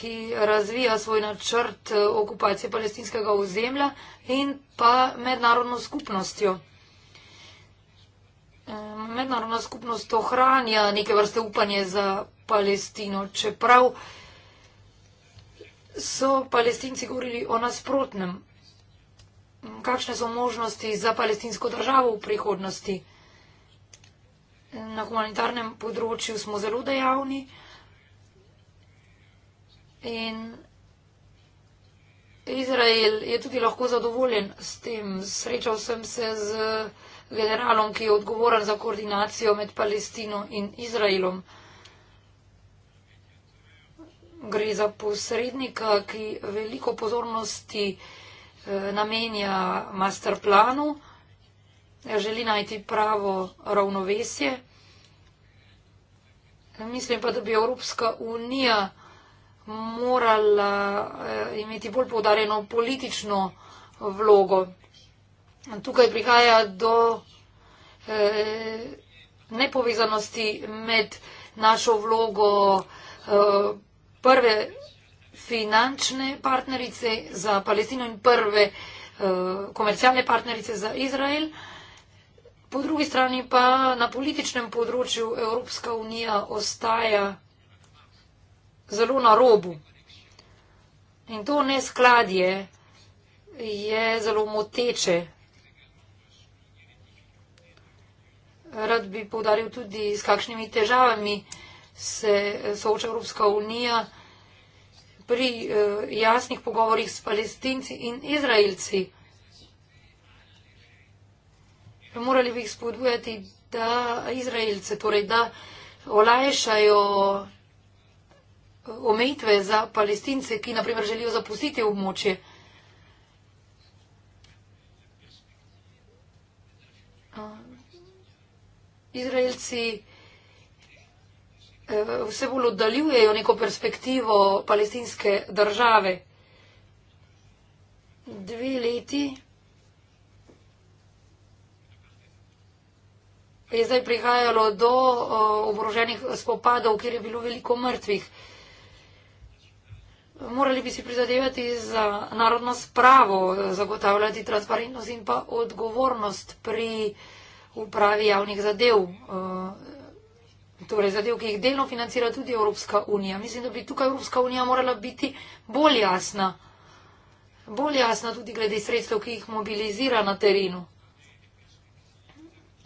ki razvija svoj načrt eh, okupacije palestinskega ozemlja in pa mednarodno skupnostjo? Mm, mednarodna skupnost ohranja neke vrste upanje za Palestino, čeprav so palestinci govorili o nasprotnem. Mm, kakšne so možnosti za palestinsko državo v prihodnosti? Na humanitarnem področju smo zelo dejavni in Izrael je tudi lahko zadovoljen s tem. Srečal sem se z generalom, ki je odgovoren za koordinacijo med Palestino in Izraelom. Gre za posrednika, ki veliko pozornosti eh, namenja master planu, eh, želi najti pravo ravnovesje. Mislim pa, da bi Evropska unija morala eh, imeti bolj povdarjeno politično vlogo. In tukaj prihaja do eh, nepovezanosti med našo vlogo eh, prve finančne partnerice za Palestino in prve eh, komercialne partnerice za Izrael. Po drugi strani pa na političnem področju Evropska unija ostaja zelo na robu. In to neskladje je zelo moteče Rad bi povdaril tudi, s kakšnimi težavami se eh, sooča Evropska unija pri eh, jasnih pogovorih s palestinci in izraelci. Morali bi jih spodbujati, da izraelce, torej da olajšajo eh, omejitve za palestince, ki naprimer želijo zapustiti območje. Izraelci eh, vse bolj oddaljujejo neko perspektivo palestinske države. Dve leti je zdaj prihajalo do eh, oboroženih spopadov, kjer je bilo veliko mrtvih. Morali bi si prizadevati za narodno spravo, zagotavljati transparentnost in pa odgovornost pri upravi javnih zadev, eh, torej zadev, ki jih delno financira tudi Evropska unija. Mislim, da bi tukaj Evropska unija morala biti bolj jasna, bolj jasna tudi glede sredstev, ki jih mobilizira na terenu.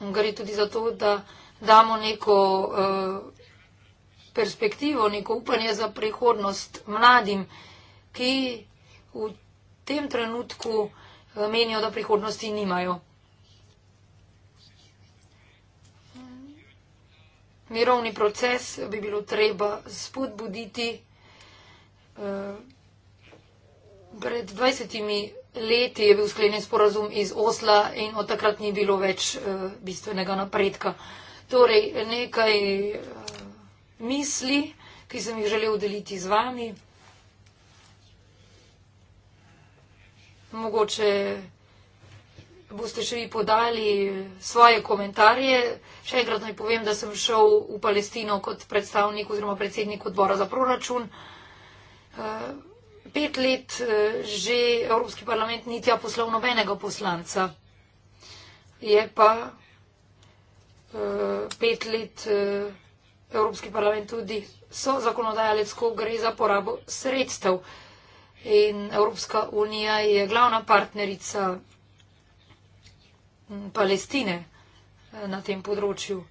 Gre tudi za to, da damo neko eh, perspektivo, neko upanje za prihodnost mladim, ki v tem trenutku eh, menijo, da prihodnosti nimajo. mirovni proces bi bilo treba spodbuditi. Eh, pred 20 leti je bil sklenjen sporazum iz Osla in od takrat ni bilo več eh, bistvenega napredka. Torej, nekaj eh, misli, ki sem jih želel deliti z vami. Mogoče boste še vi podali svoje komentarje. Še enkrat naj povem, da sem šel v Palestino kot predstavnik oziroma predsednik odbora za proračun. Eh, pet let eh, že Evropski parlament ni tja poslal nobenega poslanca. Je pa eh, pet let Evropski parlament tudi so zakonodajalec, ko gre za porabo sredstev. In Evropska unija je glavna partnerica Palestine eh, na tem področju.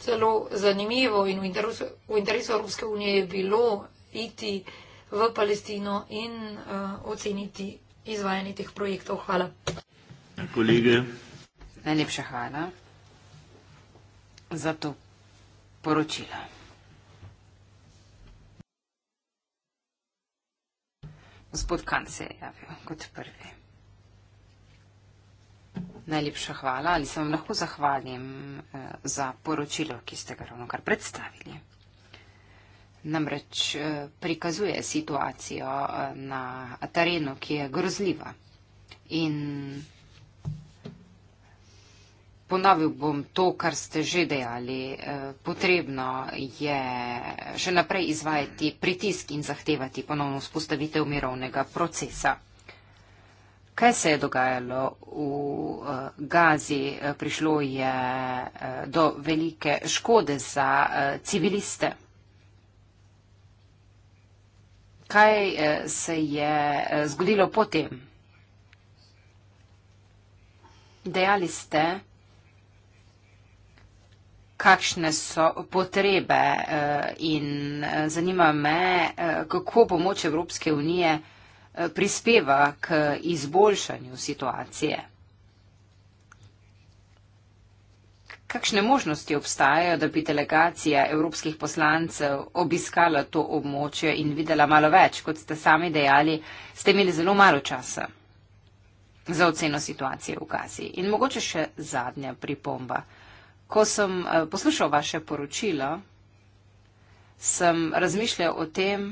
Zelo zanimivo in v interesu, v interesu Evropske unije je bilo iti v Palestino in uh, oceniti izvajanje teh projektov. Hvala. Kolege. Najlepša hvala za to poročilo. Gospod Kant se je javil kot prvi. Najlepša hvala. Ali se vam lahko zahvalim eh, za poročilo, ki ste ga ravno kar predstavili? Namreč eh, prikazuje situacijo eh, na terenu, ki je grozljiva. In Ponovil bom to, kar ste že dejali. Eh, potrebno je še naprej izvajati pritisk in zahtevati ponovno spostavitev mirovnega procesa. Kaj se je dogajalo v eh, Gazi? Eh, prišlo je do velike škode za civiliste. Kaj se je zgodilo potem? Dejali ste, kakšne so potrebe eh, in eh, zanima me, eh, kako pomoč Evropske unije prispeva k izboljšanju situacije. Kakšne možnosti obstajajo, da bi delegacija evropskih poslancev obiskala to območje in videla malo več, kot ste sami dejali, ste imeli zelo malo časa za oceno situacije v Gazi. In mogoče še zadnja pripomba. Ko sem eh, poslušal vaše poročilo, sem razmišljal o tem,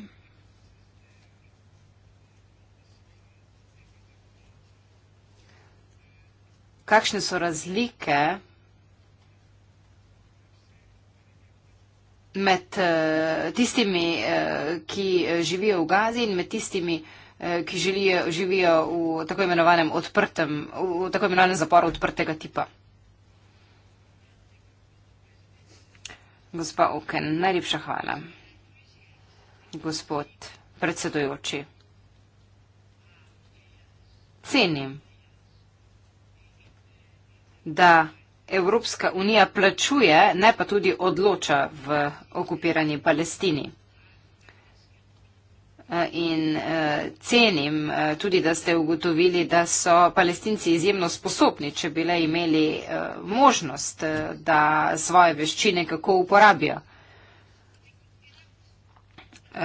kakšne so razlike med eh, tistimi, eh, ki živijo v Gazi in med tistimi, ki živijo v tako imenovanem, odprtem, v tako imenovanem zaporu odprtega tipa. Gospa Oken, najlepša hvala. Gospod predsedujoči, cenim, da Evropska unija plačuje, ne pa tudi odloča v okupirani Palestini in uh, cenim uh, tudi, da ste ugotovili, da so palestinci izjemno sposobni, če bile imeli uh, možnost, uh, da svoje veščine kako uporabijo. Uh,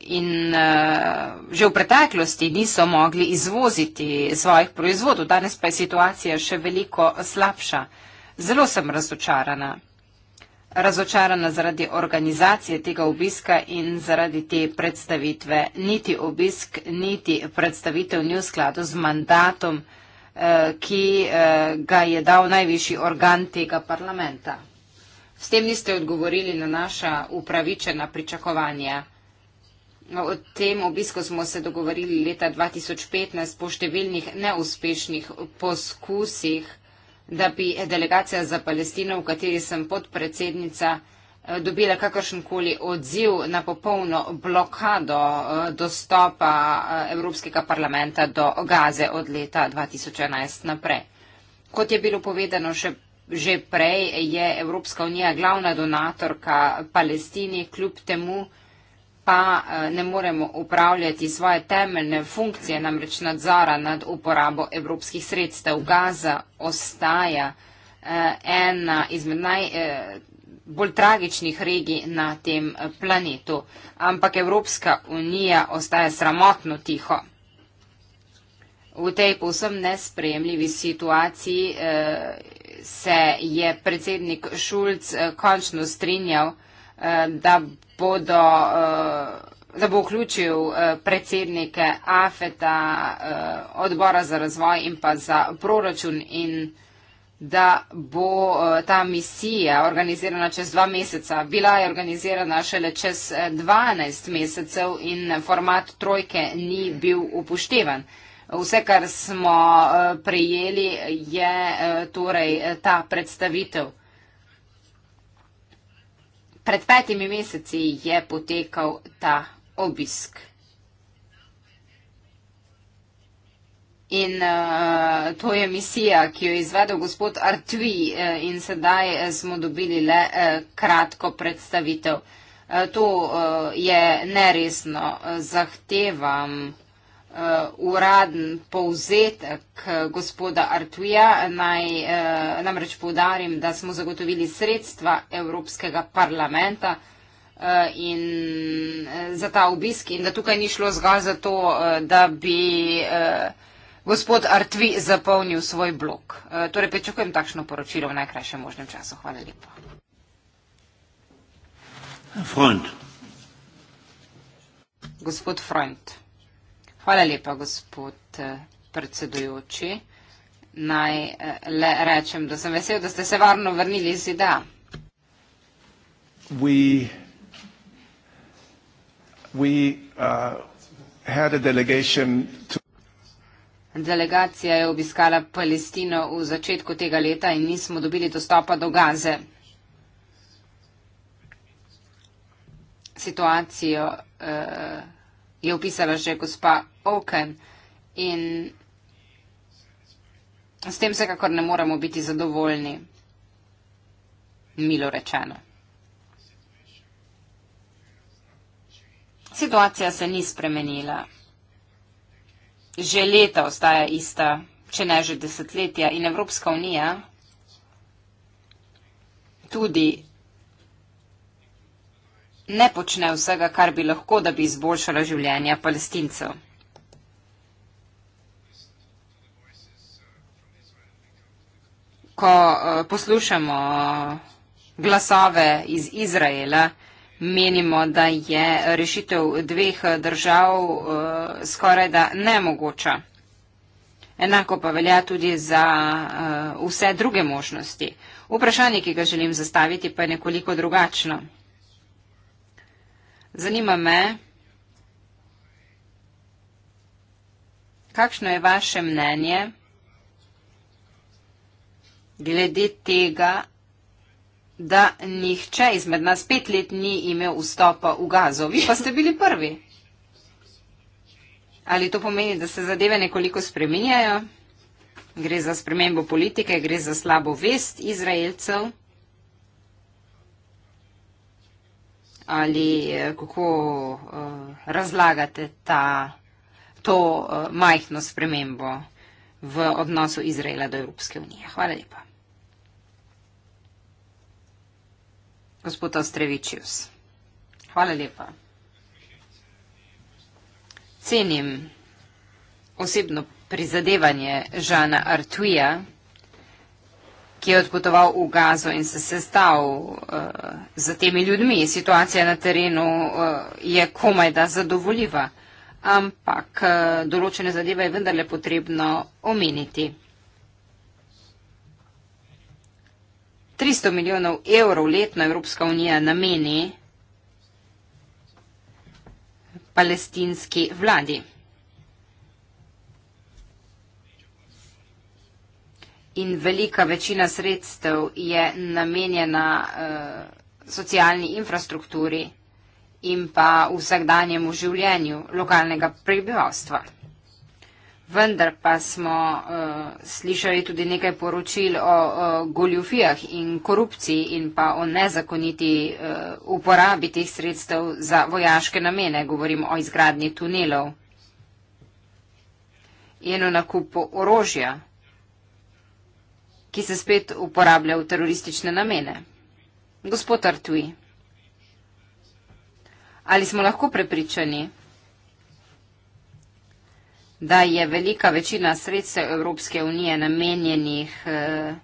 in uh, že v preteklosti niso mogli izvoziti svojih proizvodov, danes pa je situacija še veliko slabša. Zelo sem razočarana razočarana zaradi organizacije tega obiska in zaradi te predstavitve. Niti obisk, niti predstavitev ni v skladu z mandatom, eh, ki eh, ga je dal najvišji organ tega parlamenta. S tem niste odgovorili na naša upravičena pričakovanja. No, o tem obisku smo se dogovorili leta 2015 po številnih neuspešnih poskusih da bi delegacija za Palestino, v kateri sem podpredsednica, eh, dobila kakršenkoli odziv na popolno blokado eh, dostopa eh, Evropskega parlamenta do Gaze od leta 2011 naprej. Kot je bilo povedano še, že prej, je Evropska unija glavna donatorka Palestini, kljub temu, pa eh, ne moremo upravljati svoje temeljne funkcije, namreč nadzora nad uporabo evropskih sredstev. Gaza ostaja eh, ena izmed najbolj eh, tragičnih regij na tem planetu, ampak Evropska unija ostaja sramotno tiho. V tej povsem nesprejemljivi situaciji se je predsednik Šulc končno strinjal, Eh, da bodo eh, da bo vključil eh, predsednike AFETA, odbora za razvoj in pa za proračun in da bo ta misija organizirana čez dva meseca. Bila je organizirana šele čez 12 mesecev in format trojke ni bil upoštevan. Vse, kar smo prejeli, je torej ta predstavitev. Pred petimi meseci je potekal ta obisk. In uh, to je misija, ki jo je izvedel gospod Artvi uh, eh, in sedaj uh, smo dobili le uh, kratko predstavitev. Uh, to uh, je neresno. Zahtevam uh, uraden povzetek uh, gospoda Artuja. Naj uh, namreč povdarim, da smo zagotovili sredstva Evropskega parlamenta uh, in, uh, za ta obisk in da tukaj ni šlo zgolj za to, uh, da bi uh, gospod Artuj zapolnil svoj blok. Uh, torej, pričakujem takšno poročilo v najkrajšem možnem času. Hvala lepa. Freund. Gospod Freund. Hvala lepa, gospod eh, predsedujoči. Naj eh, le rečem, da sem vesel, da ste se varno vrnili iz ZDA. We, we, uh, to... Delegacija je obiskala Palestino v začetku tega leta in nismo dobili dostopa do Gaze. Situacijo uh, je opisala že gospa oken in s tem vsekakor ne moramo biti zadovoljni, milo rečeno. Situacija se ni spremenila. Že leta ostaja ista, če ne že desetletja, in Evropska unija tudi ne počne vsega, kar bi lahko, da bi izboljšala življenja palestincev. ko eh, poslušamo glasove iz Izraela, menimo, da je rešitev dveh držav eh, skoraj da nemogoča. Enako pa velja tudi za eh, vse druge možnosti. Vprašanje, ki ga želim zastaviti, pa je nekoliko drugačno. Zanima me, kakšno je vaše mnenje, glede tega, da nihče izmed nas pet let ni imel vstopa v gazo. Vi pa ste bili prvi. Ali to pomeni, da se zadeve nekoliko spreminjajo? Gre za spremembo politike, gre za slabo vest izraelcev? Ali eh, kako uh, razlagate ta, to uh, majhno spremembo v odnosu Izraela do Evropske unije? Hvala lepa. gospod Ostrevičius. Hvala lepa. Cenim osebno prizadevanje Žana Artuja, ki je odpotoval v Gazo in se sestal uh, z temi ljudmi. Situacija na terenu uh, je komaj da zadovoljiva, ampak uh, določene zadeve je vendarle potrebno omeniti. 300 milijonov evrov letno Evropska unija nameni palestinski vladi. In velika večina sredstev je namenjena uh, socialni infrastrukturi in pa vsakdanjemu življenju lokalnega prebivalstva vendar pa smo uh, slišali tudi nekaj poročil o uh, goljufijah in korupciji in pa o nezakoniti uh, uporabi teh sredstev za vojaške namene, govorim o izgradnji tunelov in o nakupu orožja, ki se spet uporablja v teroristične namene. Gospod Artui, ali smo lahko prepričani, da je velika večina sredstev Evropske unije namenjenih eh,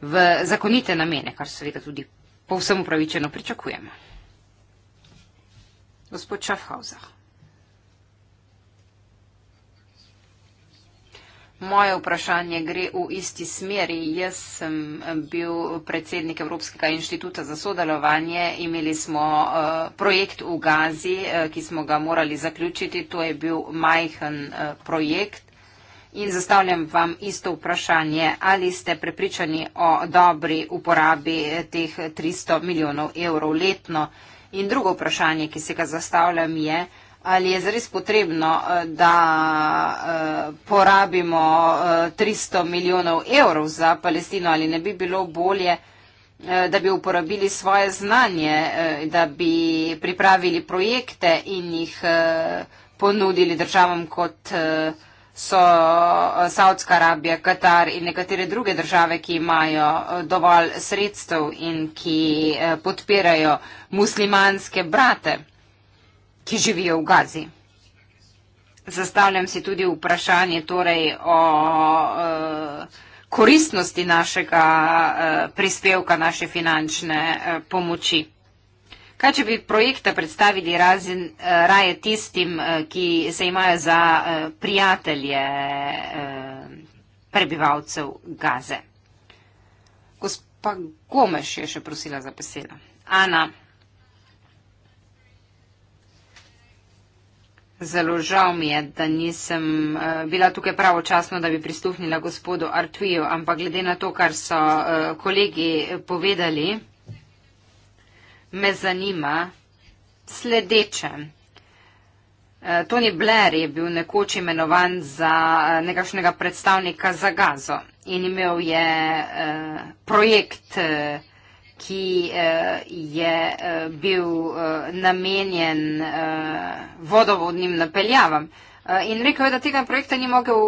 v zakonite namene, kar seveda tudi povsem upravičeno pričakujemo. Gospod Schaffhauser. Moje vprašanje gre v isti smeri. Jaz sem bil predsednik Evropskega inštituta za sodelovanje. Imeli smo eh, projekt v Gazi, eh, ki smo ga morali zaključiti. To je bil majhen eh, projekt. In zastavljam vam isto vprašanje, ali ste prepričani o dobri uporabi teh 300 milijonov evrov letno. In drugo vprašanje, ki se ga zastavljam, je, ali je zares potrebno, eh, da eh, porabimo 300 eh, milijonov evrov za Palestino ali ne bi bilo bolje, da bi uporabili svoje znanje, da bi pripravili projekte in jih ponudili državam kot so Saudska Arabija, Katar in nekatere druge države, ki imajo dovolj sredstev in ki podpirajo muslimanske brate ki živijo v Gazi. Zastavljam si tudi vprašanje torej, o uh, koristnosti našega uh, prispevka, naše finančne uh, pomoči. Kaj, če bi projekta predstavili razin, uh, raje tistim, uh, ki se imajo za uh, prijatelje uh, prebivalcev Gaze? Gospa Gomeš je še prosila za besedo. Ana. Zelo žal mi je, da nisem eh, bila tukaj pravočasno, da bi pristupnila gospodu Artuju, ampak glede na to, kar so eh, kolegi povedali, me zanima sledeče. Eh, Tony Blair je bil nekoč imenovan za nekakšnega predstavnika za gazo in imel je projekt ki eh, je eh, bil eh, namenjen vodovodnim napeljavam. In rekel je, da tega projekta ni mogel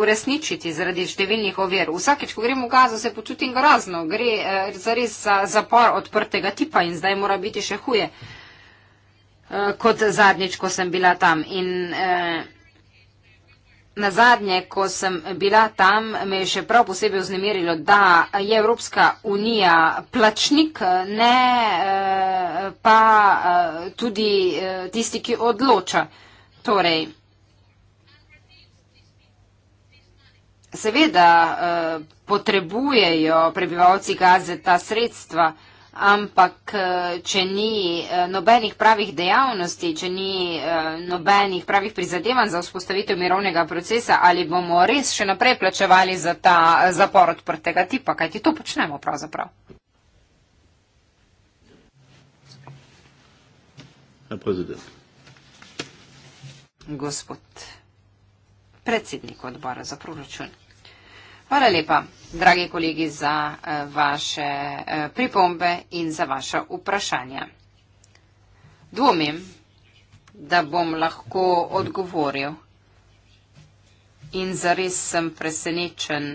uresničiti zaradi številnih ovir. Vsakeč, ko grem v gazo, se počutim grozno. Gre za res za zapor odprtega tipa in zdaj mora biti še huje kot zadnjič, ko sem bila tam. In, eh, Na zadnje, ko sem bila tam, me je še prav posebej vznemirilo, da je Evropska unija plačnik, ne eh, pa eh, tudi eh, tisti, ki odloča. Torej, seveda potrebujejo prebivalci Gaze ta sredstva, ampak eh, če ni eh, nobenih pravih dejavnosti, če ni eh, nobenih pravih prizadevanj za vzpostavitev mirovnega procesa, ali bomo res še naprej plačevali za ta zapor odprtega tipa, kaj ti to počnemo pravzaprav? Gospod predsednik odbora za proračun. Hvala lepa, dragi kolegi, za eh, vaše eh, pripombe in za vaše vprašanja. Dvomim, da bom lahko odgovoril in zares sem presenečen,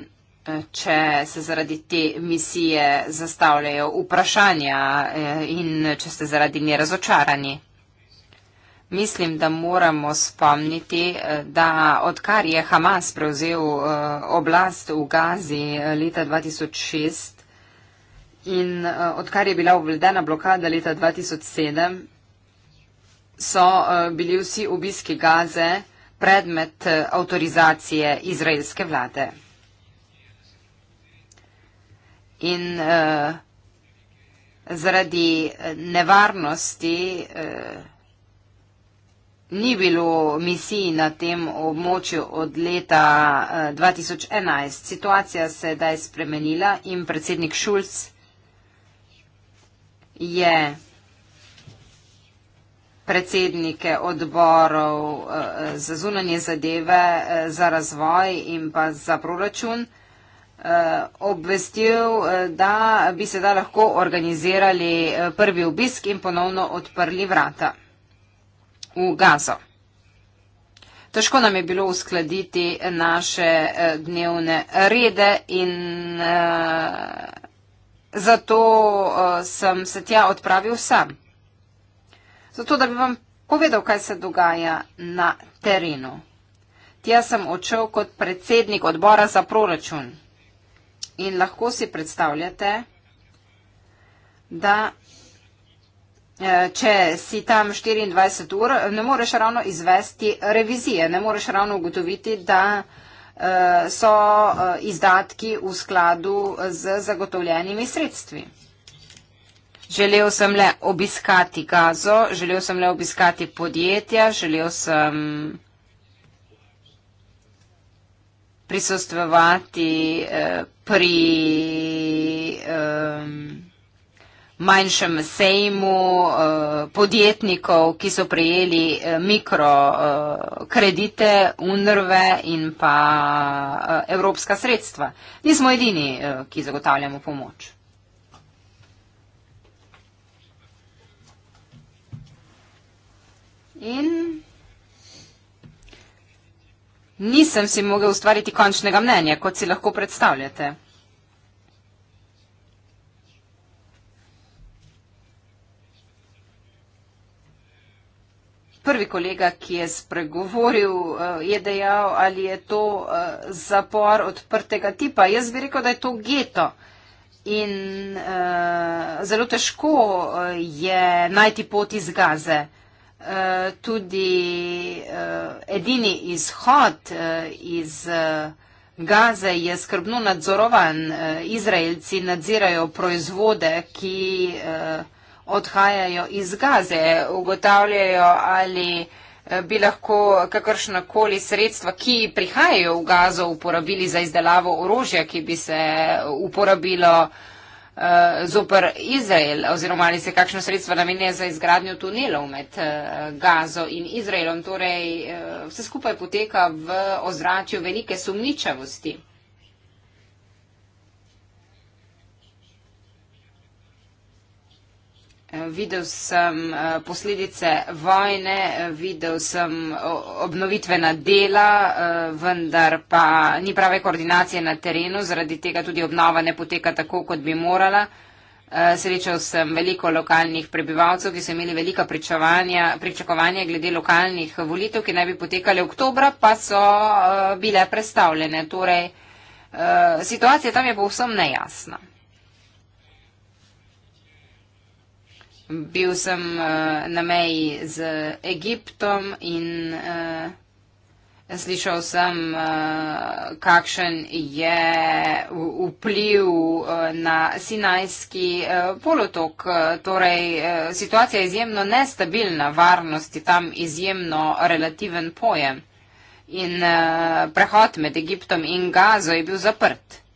eh, če se zaradi te misije zastavljajo vprašanja in če ste zaradi nje razočarani. Mislim, da moramo spomniti, da odkar je Hamas prevzel eh, oblast v Gazi eh, leta 2006 in eh, odkar je bila uvedena blokada leta 2007, so bili vsi obiski Gaze predmet avtorizacije izraelske vlade. In zaradi nevarnosti, ni bilo misij na tem območju od leta 2011. Eh, Situacija se je daj spremenila in predsednik Šulc je predsednike odborov eh, za zunanje zadeve, eh, za razvoj in pa za proračun obvestil, da bi se da lahko organizirali prvi obisk in ponovno odprli vrata v Gazo. Težko nam je bilo uskladiti naše eh, dnevne rede in uh, zato uh, sem se tja odpravil sam. Zato, da bi vam povedal, kaj se dogaja na terenu. Tja sem odšel kot predsednik odbora za proračun in lahko si predstavljate, da Eh, če si tam 24 ur, ne moreš ravno izvesti revizije, ne moreš ravno ugotoviti, da eh, so eh, izdatki v skladu z zagotovljenimi sredstvi. Želel sem le obiskati gazo, želel sem le obiskati podjetja, želel sem prisostvovati pri um, manjšem sejmu eh, podjetnikov, ki so prejeli eh, mikrokredite, eh, UNRVE in pa evropska sredstva. Nismo edini, ki zagotavljamo pomoč. In nisem si mogel ustvariti končnega mnenja, kot si lahko predstavljate. prvi kolega, ki je spregovoril, eh, je dejal, ali je to eh, zapor odprtega tipa. Jaz bi rekel, da je to geto. In uh, zelo težko je najti pot iz gaze. Uh, tudi uh, edini izhod uh, iz uh, gaze je skrbno nadzorovan. Uh, Izraelci nadzirajo proizvode, ki uh, odhajajo iz gaze, ugotavljajo ali eh, bi lahko kakršnakoli sredstva, ki prihajajo v gazo, uporabili za izdelavo orožja, ki bi se eh, uporabilo eh, zoper Izrael oziroma ali se kakšno sredstvo namenja za izgradnjo tunelov med gazo in Izraelom. Torej, vse skupaj poteka v ozračju velike sumničavosti. Videl sem eh, posledice vojne, videl sem obnovitvena dela, eh, vendar pa ni prave koordinacije na terenu, zaradi tega tudi obnova ne poteka tako, kot bi morala. Eh, srečal sem veliko lokalnih prebivalcev, ki so imeli velika pričakovanja glede lokalnih volitev, ki naj bi potekali oktobra, pa so bile predstavljene. Torej, situacija tam je povsem nejasna. bil sem uh, na meji z Egiptom in uh, slišal sem, uh, kakšen je vpliv uh, na Sinajski uh, polotok. Uh, torej, uh, situacija je izjemno nestabilna, varnost je tam izjemno relativen pojem. In uh, prehod med Egiptom in Gazo je bil zaprt. Uh,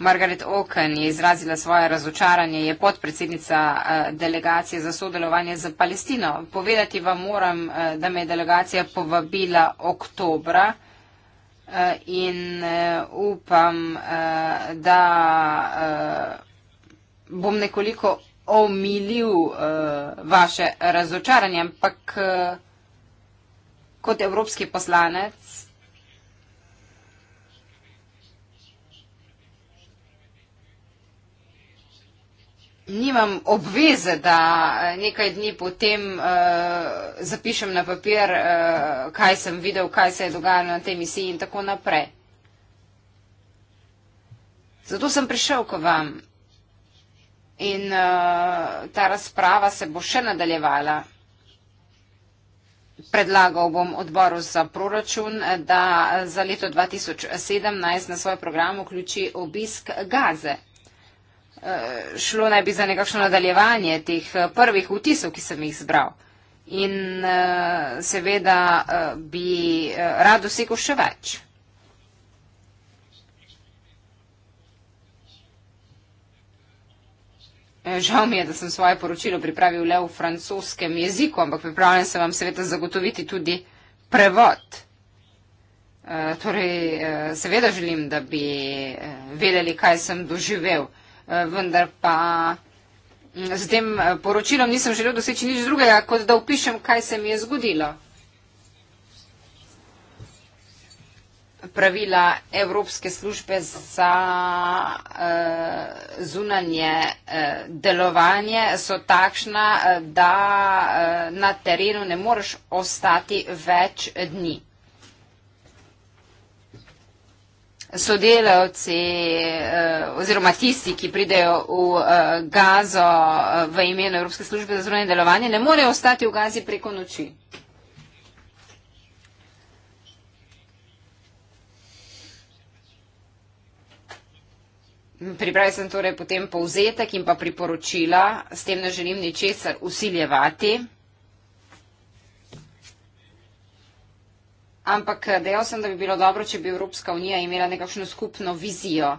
Margaret Oaken je izrazila svoje razočaranje, je podpredsednica eh, delegacije za sodelovanje z Palestino. Povedati vam moram, eh, da me je delegacija povabila oktobra eh, in upam, da bom nekoliko omilil vaše razočaranje, ampak kot evropski poslanec nimam obveze, da eh, nekaj dni potem uh, zapišem na papir, uh, kaj sem videl, kaj se je dogajalo na tej misiji in tako naprej. Zato sem prišel k vam. In uh, ta razprava se bo še nadaljevala. Predlagal bom odboru za proračun, da za leto 2017 na svoj program vključi obisk Gaze. Eh, šlo naj bi za nekakšno nadaljevanje teh eh, prvih vtisov, ki sem jih zbral. In eh, seveda bi rad dosegel še več. Žal mi je, da sem svoje poročilo pripravil le v francoskem jeziku, ampak pripravljam se vam seveda zagotoviti tudi prevod. Torej, seveda želim, da bi vedeli, kaj sem doživel. Eh, vendar pa z mm, tem eh, poročilom nisem želel doseči nič drugega, kot da upišem, kaj se mi je zgodilo. Pravila Evropske službe za uh, zunanje uh, delovanje so takšna, uh, da uh, na terenu ne moreš ostati več dni. sodelavci eh, oziroma tisti, ki pridejo v eh, Gazo eh, v imenu Evropske službe za zunanje delovanje, ne morejo ostati v Gazi preko noči. Pripravil sem torej potem povzetek in pa priporočila, s tem ne želim ničesar usiljevati. ampak eh, dejal sem, da bi bilo dobro, če bi Evropska unija imela nekakšno skupno vizijo.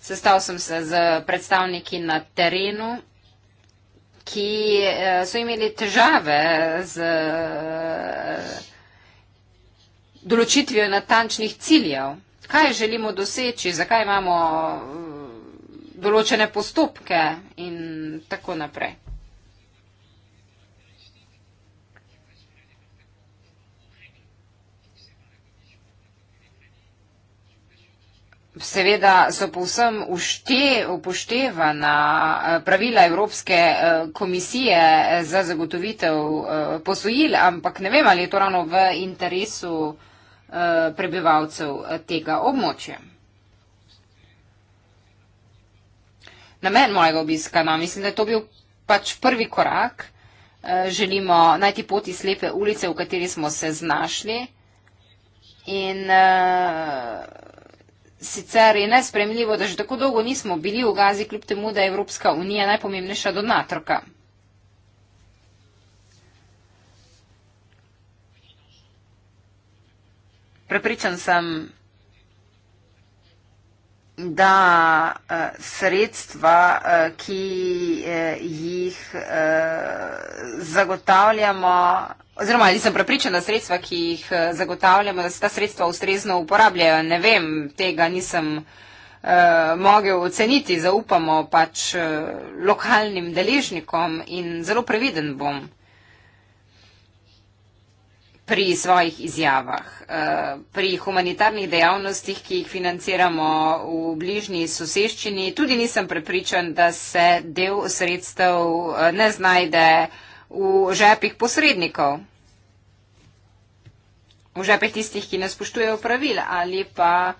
Sestal sem se z predstavniki na terenu, ki eh, so imeli težave z eh, določitvijo natančnih ciljev. Kaj želimo doseči, zakaj imamo določene postopke in tako naprej. Seveda so povsem ušte, upoštevana eh, pravila Evropske eh, komisije eh, za zagotovitev posojil, ampak ne vem, ali je to ravno v interesu prebivalcev tega območja. Namen mojega obiska, no, mislim, da je to bil pač prvi korak. Želimo najti poti slepe ulice, v kateri smo se znašli. In, sicer je nespremljivo, da že tako dolgo nismo bili v Gazi, kljub temu, da je Evropska unija najpomembnejša donatorka. Prepričan sem, da eh, sredstva, eh, ki eh, jih zagotavljamo, oziroma jaz sem prepričana, sredstva, ki jih zagotavljamo, da se ta sredstva ustrezno uporabljajo. Ne vem, tega nisem mogel oceniti, zaupamo pač lokalnim deležnikom in zelo previden bom pri svojih izjavah, eh, pri humanitarnih dejavnostih, ki jih financiramo v bližnji soseščini, tudi nisem prepričan, da se del sredstev eh, ne znajde v žepih posrednikov, v žepih tistih, ki ne spoštujejo pravil ali pa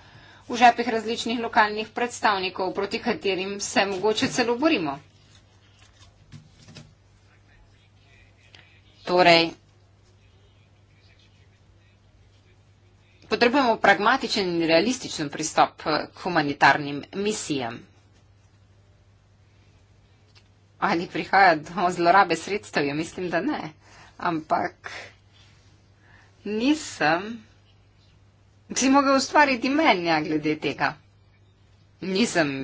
v žepih različnih lokalnih predstavnikov, proti katerim se mogoče celo borimo. Torej, Potrebujemo pragmatičen in realističen pristop k humanitarnim misijam. Ali prihaja do zlorabe sredstev? Ja, mislim, da ne. Ampak nisem si mogel ustvariti mnenja glede tega. Nisem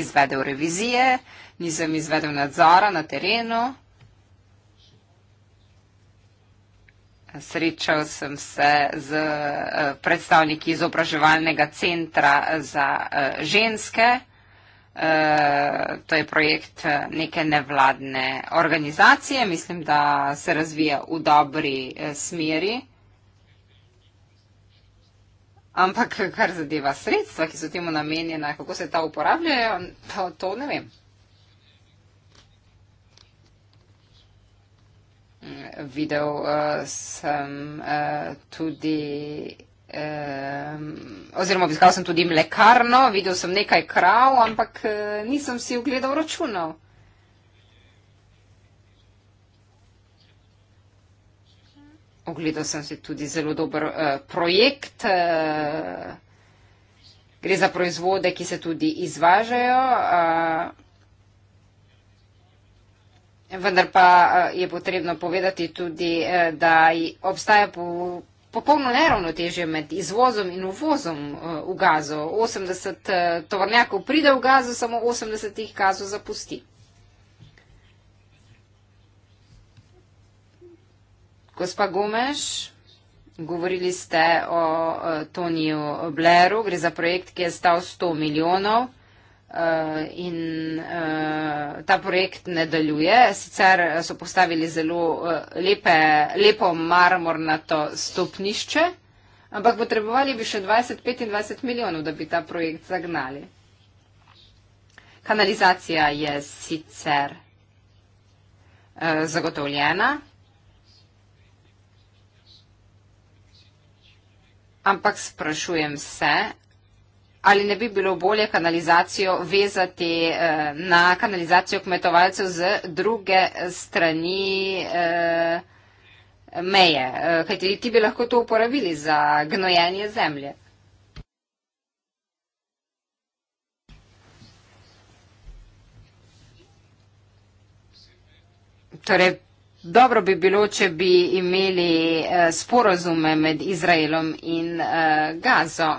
izvedel revizije, nisem izvedel nadzora na terenu. Srečal sem se z eh, predstavniki izobraževalnega centra za eh, ženske. Eh, to je projekt neke nevladne organizacije. Mislim, da se razvija v dobri smeri. Ampak kar zadeva sredstva, ki so temu namenjena, kako se ta uporabljajo, to, to ne vem. videl, eh, sem eh, tudi, oziroma obiskal sem tudi mlekarno, videl sem nekaj krav, ampak eh, nisem si ogledal računov. Ogledal sem si tudi zelo dober uh, projekt. Uh, gre za proizvode, ki se tudi izvažajo. Uh, Vendar pa eh, je potrebno povedati tudi, eh, da obstaja po, popolno neravnotežje med izvozom in uvozom eh, v gazo. 80 tovrnjakov pride v gazo, samo 80 jih gazo zapusti. Gospa Gomeš, govorili ste o Toniju Bleru, gre za projekt, ki je stal 100 milijonov. Uh, in uh, ta projekt ne deluje. Sicer so postavili zelo uh, lepe, lepo marmornato stopnišče, ampak potrebovali bi še 20-25 milijonov, da bi ta projekt zagnali. Kanalizacija je sicer uh, zagotovljena, ampak sprašujem se, Ali ne bi bilo bolje kanalizacijo vezati eh, na kanalizacijo kmetovalcev z druge eh, strani eh, meje? Eh, kajti ti bi lahko to uporabili za gnojenje zemlje. Torej, dobro bi bilo, če bi imeli eh, sporozume med Izraelom in eh, Gazo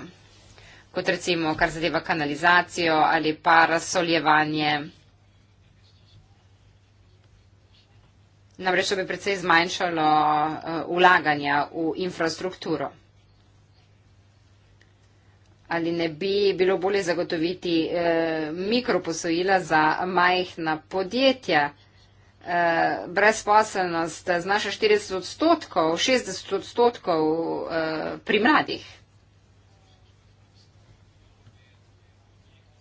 kot recimo kar zadeva kanalizacijo ali pa razsoljevanje. Namreč to bi predvsej zmanjšalo uh, eh, ulaganja v infrastrukturo. Ali ne bi bilo bolje zagotoviti uh, mikroposojila za majhna podjetja? Uh, brezposelnost znaša 40 odstotkov, 60 odstotkov uh, pri mladih.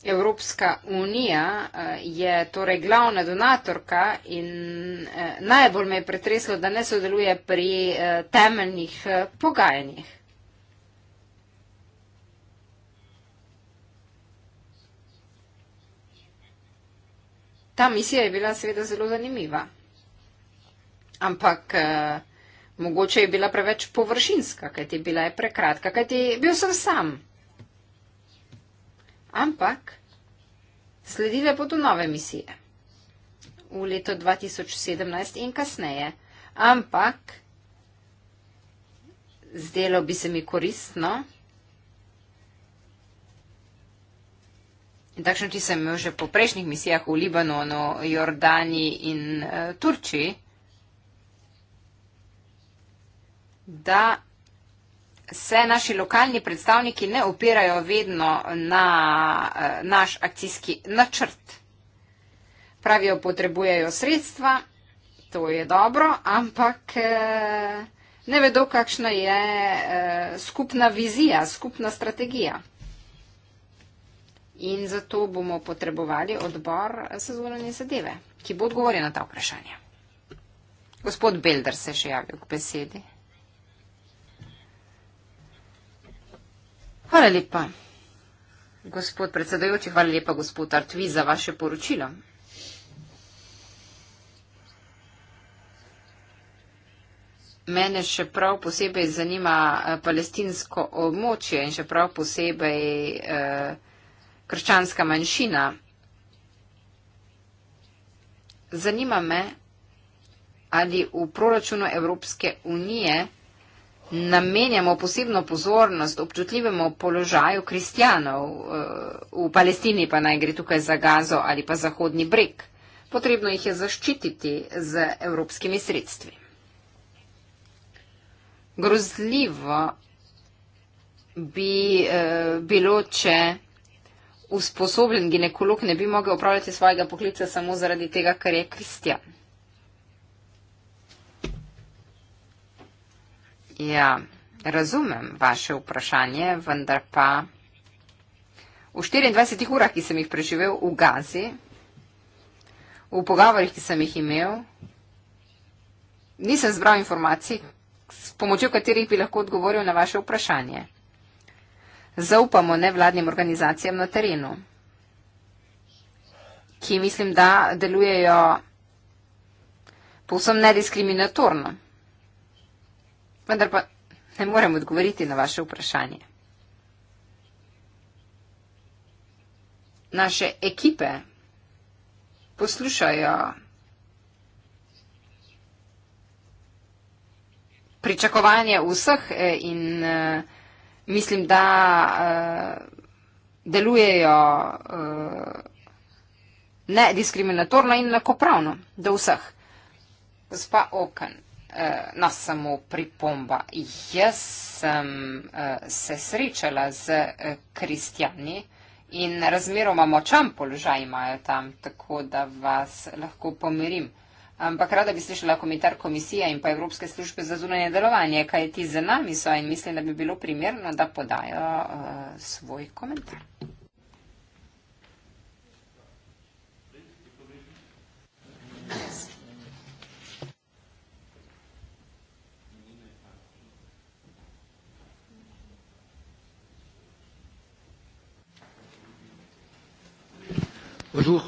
Evropska unija eh, je torej glavna donatorka in eh, najbolj me je pretreslo, da ne sodeluje pri eh, temeljnih pogajanjih. Ta misija je bila seveda zelo zanimiva, ampak eh, mogoče je bila preveč površinska, kajti bila je prekratka, kajti bil sem sam. Ampak Sledile bodo nove misije v letu 2017 in kasneje. Ampak zdelo bi se mi koristno. In takšno ti sem imel že po prejšnjih misijah v Libanonu, Jordani in e, Turčiji, da se naši lokalni predstavniki ne opirajo vedno na eh, naš akcijski načrt. Pravijo, potrebujejo sredstva, to je dobro, ampak eh, ne vedo, kakšna je eh, skupna vizija, skupna strategija. In zato bomo potrebovali odbor za zvonanje zadeve, ki bo odgovoril na ta vprašanja. Gospod Belder se je še javil k besedi. Hvala lepa. Gospod predsedajoči, hvala lepa gospod Artvi za vaše poročilo. Mene še prav posebej zanima eh, palestinsko območje in še prav posebej eh, krščanska manjšina. Zanima me, ali v proračunu Evropske unije namenjamo posebno pozornost občutljivemu položaju kristjanov, eh, v Palestini pa naj gre tukaj za Gazo ali pa Zahodni breg. Potrebno jih je zaščititi z evropskimi sredstvi. Grozljivo bi eh, bilo, če usposobljen ginekolog ne bi mogel upravljati svojega poklica samo zaradi tega, ker je kristjan. Ja, razumem vaše vprašanje, vendar pa v 24 urah, ki sem jih preživel v Gazi, v pogovorih, ki sem jih imel, nisem zbral informacij, s pomočjo katerih bi lahko odgovoril na vaše vprašanje. Zaupamo nevladnim organizacijam na terenu, ki mislim, da delujejo povsem nediskriminatorno vendar pa ne morem odgovoriti na vaše vprašanje. Naše ekipe poslušajo pričakovanje vseh e, in e, mislim, da e, delujejo nediskriminatorno in enakopravno do vseh. Gospa Okan. Eh, na samo pripomba. Jaz sem eh, se srečala z eh, kristjani in razmeroma močan položaj imajo tam, tako da vas lahko pomirim. Ampak rada bi slišala komentar komisije in pa Evropske službe za zunanje delovanje, kaj ti z nami so in mislim, da bi bilo primerno, da podajo uh, svoj komentar. Bonjour.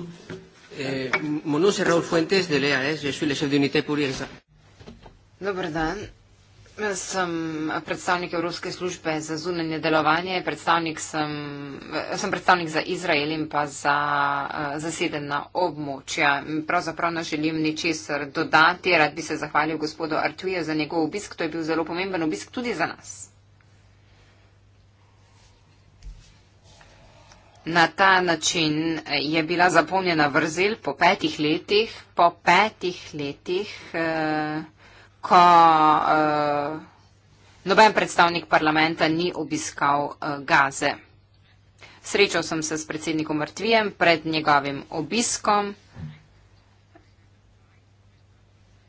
Eh, mon nom c'est Raoul Fuentes de l'EAS, je suis le chef d'unité pour l'IRSA. Dobar dan. Sem predstavnik Evropske službe za zunanje delovanje, predstavnik sem, sem predstavnik za Izrael in pa za eh, zasedena območja. Pravzaprav ne želim ničesar dodati, rad bi se zahvalil gospodu Artuju za njegov obisk, to je bil zelo pomemben obisk tudi za nas. Na ta način eh, je bila zapolnjena vrzel po petih letih, po petih letih, eh, ko eh, noben predstavnik parlamenta ni obiskal eh, Gaze. Srečal sem se s predsednikom Mrtvijem pred njegovim obiskom.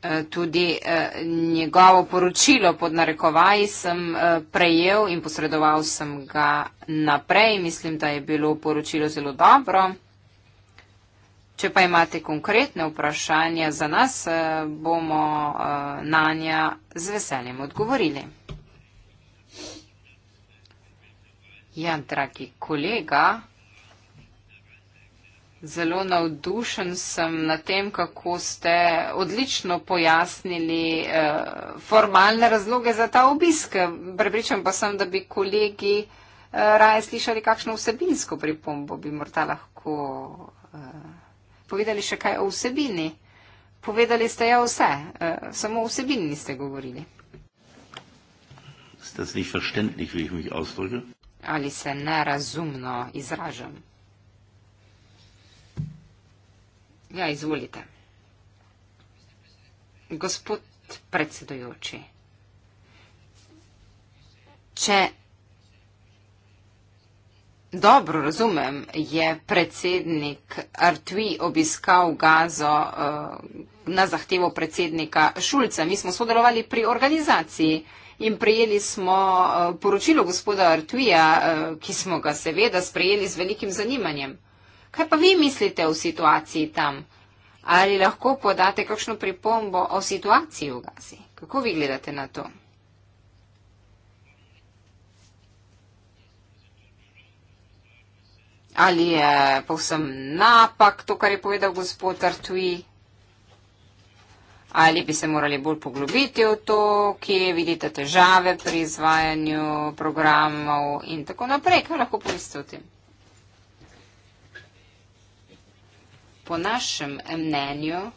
Eh, tudi eh, njegovo poročilo pod narekovaji sem eh, prejel in posredoval sem ga naprej. Mislim, da je bilo poročilo zelo dobro. Če pa imate konkretne vprašanja za nas, bomo na nja z veseljem odgovorili. Ja, dragi kolega, Zelo navdušen sem na tem, kako ste odlično pojasnili eh, formalne razloge za ta obisk. Prepričam pa sem, da bi kolegi eh, raje slišali, kakšno vsebinsko pripombo bi morda lahko eh, povedali še kaj o vsebini. Povedali ste ja vse, eh, samo o vsebini ste govorili. Ali se nerazumno izražam? Ja, izvolite. Gospod predsedujoči, če dobro razumem, je predsednik Artvi obiskal gazo uh, na zahtevo predsednika Šulca. Mi smo sodelovali pri organizaciji in prijeli smo uh, poročilo gospoda Artvija, uh, ki smo ga seveda sprejeli z velikim zanimanjem. Kaj pa vi mislite o situaciji tam? Ali lahko podate kakšno pripombo o situaciji v Gazi? Kako vi gledate na to? Ali je povsem napak to, kar je povedal gospod Artui? Ali bi se morali bolj poglobiti v to, kje vidite težave pri izvajanju programov in tako naprej? Kaj lahko poveste o tem? po našem mnenju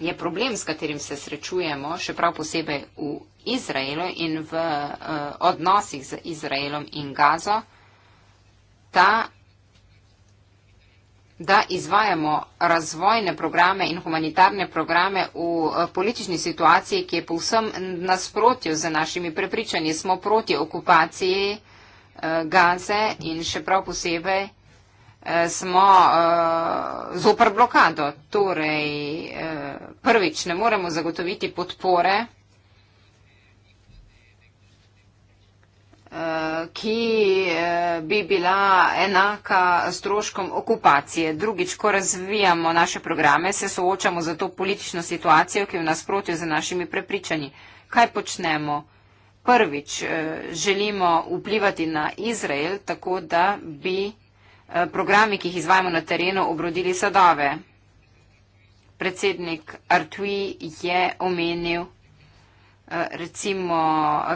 je problem, s katerim se srečujemo, še prav posebej v Izraelu in v uh, odnosih z Izraelom in Gazo, ta, da izvajamo razvojne programe in humanitarne programe v uh, politični situaciji, ki je povsem nasprotju z našimi prepričanji. Smo proti okupaciji uh, Gaze in še prav posebej smo uh, eh, zopr blokado. Torej, uh, prvič ne moremo zagotoviti podpore, uh, ki uh, bi bila enaka stroškom okupacije. Drugič, ko razvijamo naše programe, se soočamo za to politično situacijo, ki je v nasprotju z našimi prepričanji. Kaj počnemo? Prvič, uh, želimo vplivati na Izrael, tako da bi Eh, programi, ki jih izvajamo na terenu, obrodili sadove. Predsednik Artui je omenil eh, recimo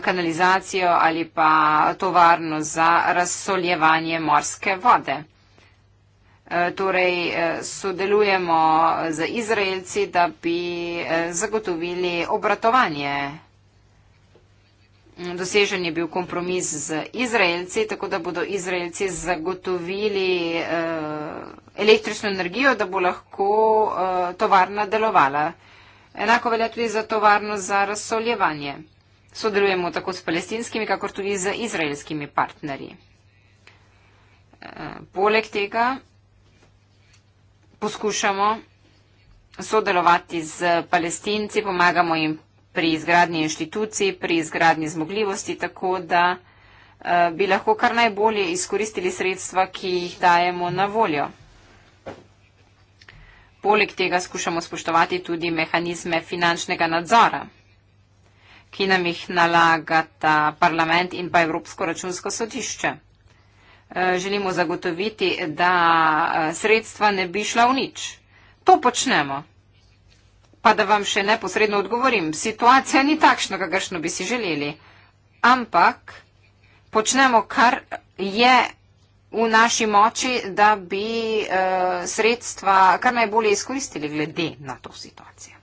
kanalizacijo ali pa tovarno za razsoljevanje morske vode. Eh, torej sodelujemo z Izraelci, da bi zagotovili obratovanje Dosežen je bil kompromis z Izraelci, tako da bodo Izraelci zagotovili uh, električno energijo, da bo lahko uh, tovarna delovala. Enako velja tudi za tovarno za razsoljevanje. Sodelujemo tako s palestinskimi, kakor tudi z izraelskimi partnerji. Eh, poleg tega poskušamo sodelovati z palestinci, pomagamo jim pri izgradnji inštitucij, pri izgradnji zmogljivosti, tako da eh, bi lahko kar najbolje izkoristili sredstva, ki jih dajemo na voljo. Poleg tega skušamo spoštovati tudi mehanizme finančnega nadzora, ki nam jih nalagata parlament in pa Evropsko računsko sodišče. Eh, želimo zagotoviti, da eh, sredstva ne bi šla v nič. To počnemo. Pa da vam še neposredno odgovorim, situacija ni takšna, kakršno bi si želeli. Ampak počnemo, kar je v naši moči, da bi uh, sredstva kar najbolje izkoristili glede na to situacijo.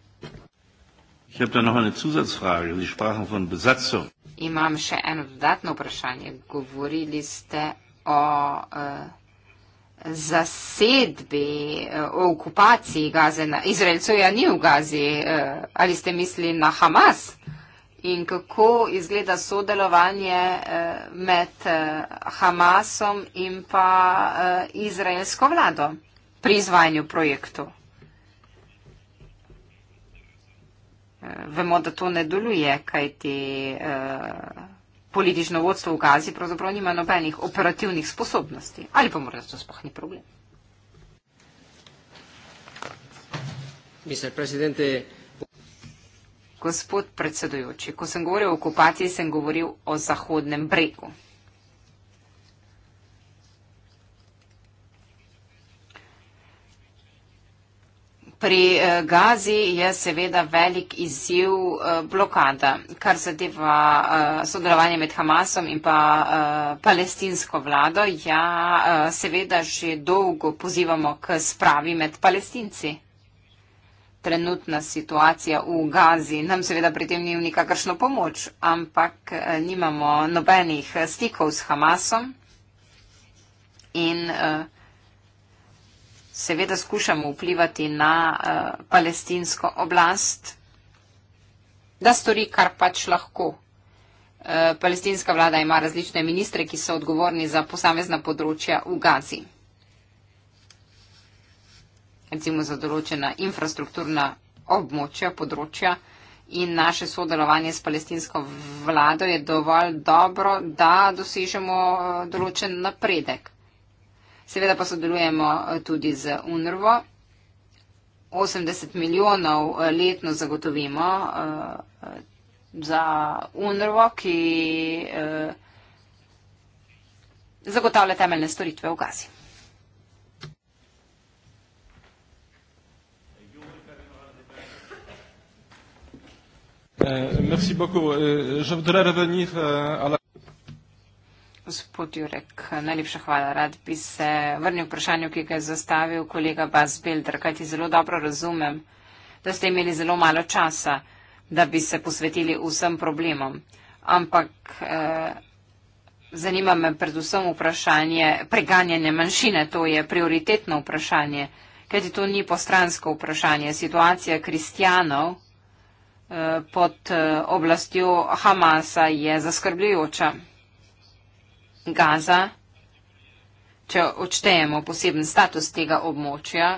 Imam še eno dodatno vprašanje. Govorili ste o. Uh, zasedbi, eh, o okupaciji Gaze, Izraelcev ja ni v Gazi, eh, ali ste mislili na Hamas in kako izgleda sodelovanje eh, med Hamasom in pa izraelsko vlado pri izvajanju projektu. Vemo, da to ne deluje, kaj ti. Uh, politično vodstvo v Gazi pravzaprav nima nobenih operativnih sposobnosti ali pa morda to sploh ni problem. Gospod predsedujoči, ko sem govoril o okupaciji, sem govoril o Zahodnem bregu. Pri eh, Gazi je seveda velik izziv eh, blokada, kar zadeva eh, sodelovanje med Hamasom in pa palestinsko vlado. Ja, seveda že dolgo pozivamo k spravi med palestinci. Trenutna situacija v Gazi nam seveda pri tem ni v nikakršno pomoč, ampak nimamo nobenih stikov s Hamasom. In, uh, seveda skušamo vplivati na eh, palestinsko oblast, da stori, kar pač lahko. Eh, palestinska vlada ima različne ministre, ki so odgovorni za posamezna področja v Gazi. Recimo za določena infrastrukturna območja, področja in naše sodelovanje s palestinsko vlado je dovolj dobro, da dosežemo eh, določen napredek. Seveda pa sodelujemo eh, tudi z UNRVO. 80 milijonov eh, letno zagotovimo eh, za UNRVO, ki zagotavlja temeljne storitve v Gazi. Merci beaucoup. Je voudrais revenir à la. Gospod Jurek, najlepša hvala. Rad bi se vrnil vprašanju, ki ga je zastavil kolega Bas Bilder, kaj ti zelo dobro razumem, da ste imeli zelo malo časa, da bi se posvetili vsem problemom. Ampak eh, zanima me predvsem vprašanje preganjanja manjšine, to je prioritetno vprašanje, kaj ti to ni postransko vprašanje. Situacija kristjanov eh, pod eh, oblastjo Hamasa je zaskrbljujoča. Gaza, če odštejemo poseben status tega območja,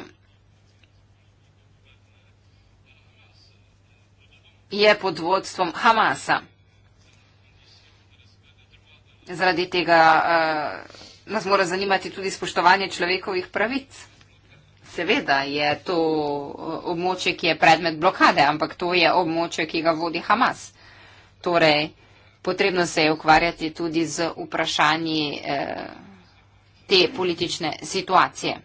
je pod vodstvom Hamasa. Zaradi tega uh, nas mora zanimati tudi spoštovanje človekovih pravic. Seveda je to eh, območje, ki je predmet blokade, ampak to je območje, ki ga vodi Hamas. Torej, potrebno se je ukvarjati tudi z vprašanji eh, te politične situacije.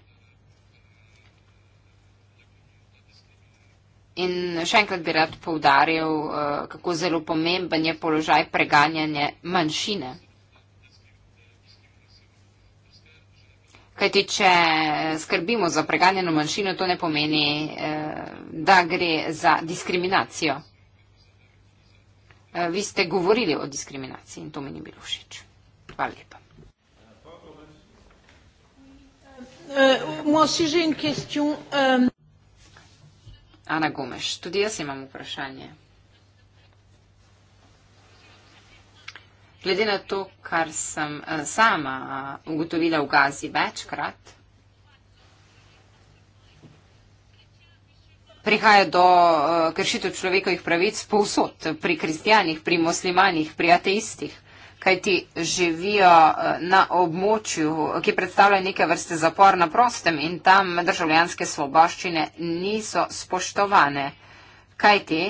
In še enkrat bi rad povdaril, eh, kako zelo pomemben je položaj preganjanja manjšine. Kajti, če skrbimo za preganjeno manjšino, to ne pomeni, eh, da gre za diskriminacijo. Eh, vi ste govorili o diskriminaciji in to mi ni bilo všeč. Hvala lepa. Eh, euh, Ana Gomeš, tudi jaz imam vprašanje. Glede na to, kar sem eh, sama ugotovila v Gazi večkrat, prihaja do uh, kršitev človekovih pravic povsod, pri kristijanih, pri muslimanih, pri ateistih, kajti živijo uh, na območju, ki predstavlja neke vrste zapor na prostem in tam državljanske svoboščine niso spoštovane. Kajti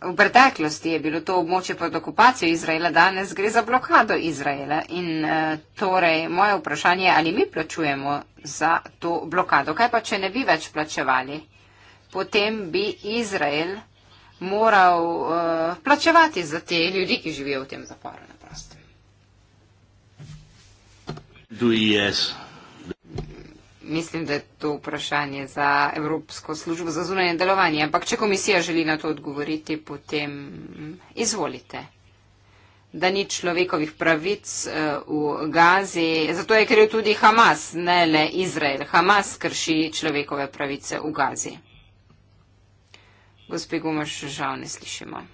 V preteklosti je bilo to območje pod okupacijo Izraela, danes gre za blokado Izraela. In eh, torej moje vprašanje je, ali mi plačujemo za to blokado? Kaj pa, če ne bi več plačevali? Potem bi Izrael moral uh, plačevati za te ljudi, ki živijo v tem zaporu na prostem. Mislim, da je to vprašanje za Evropsko službo za zunanje delovanje, ampak če komisija želi na to odgovoriti, potem izvolite. Da ni človekovih pravic eh, v Gazi, zato je kriv tudi Hamas, ne le Izrael. Hamas krši človekove pravice v Gazi. Gospe Gumaš, žal ne slišimo.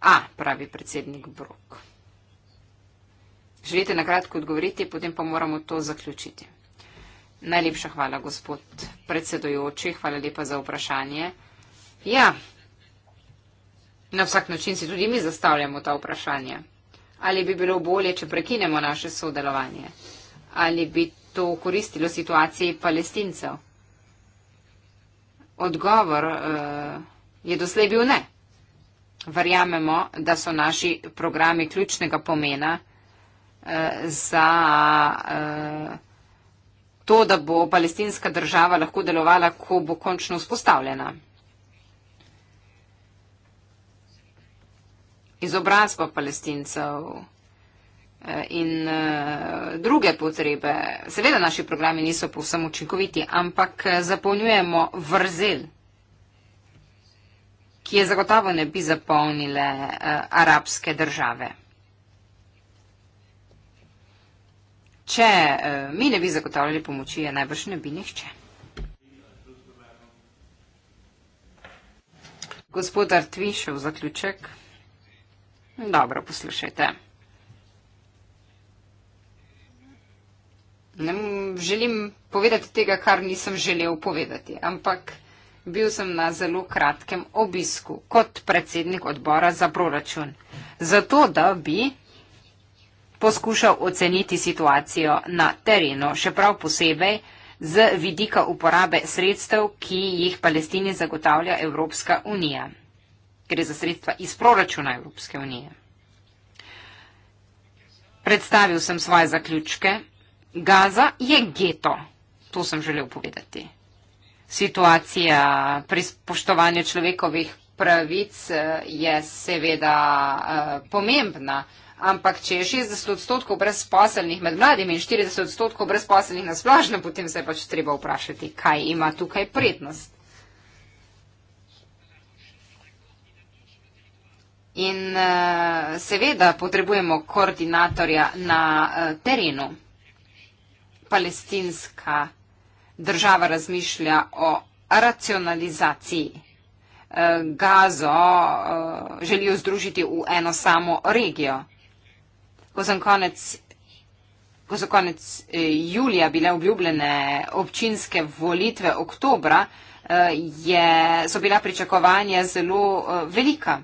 A, pravi predsednik Brok. Želite na kratko odgovoriti, potem pa moramo to zaključiti. Najlepša hvala, gospod predsedojoči. Hvala lepa za vprašanje. Ja, na vsak način si tudi mi zastavljamo ta vprašanje. Ali bi bilo bolje, če prekinemo naše sodelovanje? Ali bi to koristilo situaciji palestincev? Odgovor uh, je doslej bil ne. Verjamemo, da so naši programi ključnega pomena uh, za. Uh, to, da bo palestinska država lahko delovala, ko bo končno vzpostavljena. Izobrazba palestincev eh, in eh, druge potrebe. Seveda naši programi niso povsem učinkoviti, ampak eh, zapolnjujemo vrzel, ki je zagotovo ne bi zapolnile arabske države. Če eh, mi ne bi zagotavljali pomoči, je najbrž ne bi nihče. Gospod Artvišev, zaključek. Dobro, poslušajte. Ne želim povedati tega, kar nisem želel povedati, ampak bil sem na zelo kratkem obisku kot predsednik odbora za proračun. Zato, da bi poskušal oceniti situacijo na terenu, še prav posebej z vidika uporabe sredstev, ki jih Palestini zagotavlja Evropska unija. Gre za sredstva iz proračuna Evropske unije. Predstavil sem svoje zaključke. Gaza je geto. To sem želel povedati. Situacija pri spoštovanju človekovih pravic eh, je seveda eh, pomembna ampak če je 60 odstotkov brezposelnih med mladimi in 40 odstotkov brezposelnih na splošno, potem se je pač treba vprašati, kaj ima tukaj prednost. In eh, seveda potrebujemo koordinatorja na eh, terenu. Palestinska država razmišlja o racionalizaciji. Eh, Gazo želijo združiti v eno samo regijo ko sem konec ko so konec eh, julija bile obljubljene občinske volitve oktobra, eh, je, so bila pričakovanja zelo eh, velika.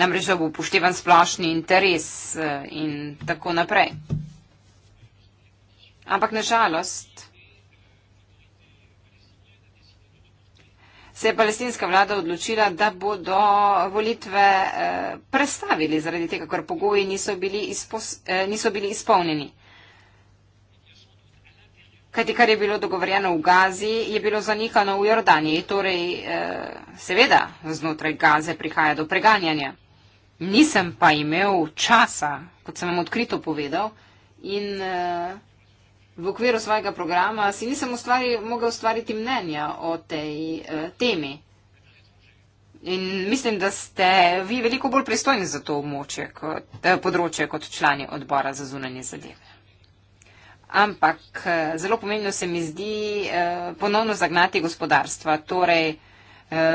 Namreč, da bo upoštevan splošni interes in tako naprej. Ampak nažalost, se je palestinska vlada odločila, da bodo volitve eh, prestavili zaradi tega, ker pogoji niso bili, izpos, eh, niso bili izpolnjeni. Kajti, kar je bilo dogovorjeno v Gazi, je bilo zanikano v Jordaniji. Torej, eh, seveda, znotraj Gaze prihaja do preganjanja. Nisem pa imel časa, kot sem vam odkrito povedal, in uh, v okviru svojega programa, si nisem ustvari, mogel ustvariti mnenja o tej eh, temi. In mislim, da ste vi veliko bolj pristojni za to območje, kot, eh, področje kot člani odbora za zunanje zadeve. Ampak eh, zelo pomembno se mi zdi eh, ponovno zagnati gospodarstva. Torej, eh,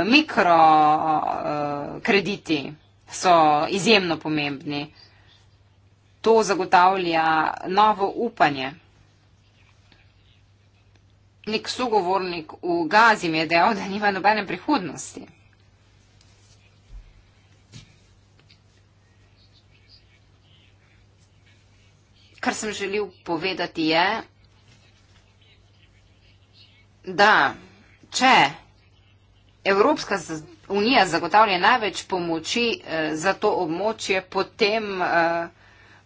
mikrokrediti eh, so izjemno pomembni. To zagotavlja novo upanje. Nek sogovornik v Gazi mi je dejal, da nima nobene prihodnosti. Kar sem želel povedati je, da če Evropska unija zagotavlja največ pomoči eh, za to območje, potem eh,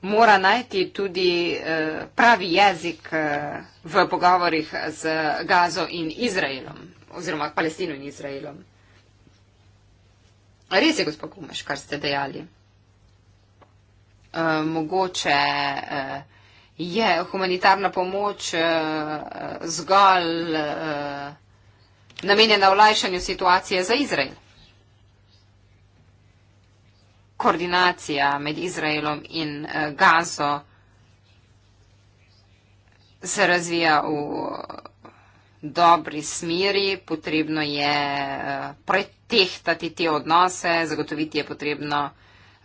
mora najti tudi eh, pravi jezik eh, v pogovorih z Gazo in Izraelom, oziroma Palestino in Izraelom. Res je, gospod Kumeš, kar ste dejali. Eh, mogoče je humanitarna pomoč zgolj namenjena olajšanju situacije za Izrael koordinacija med Izraelom in eh, Gazo se razvija v eh, dobri smeri, potrebno je eh, pretehtati te odnose, zagotoviti je potrebno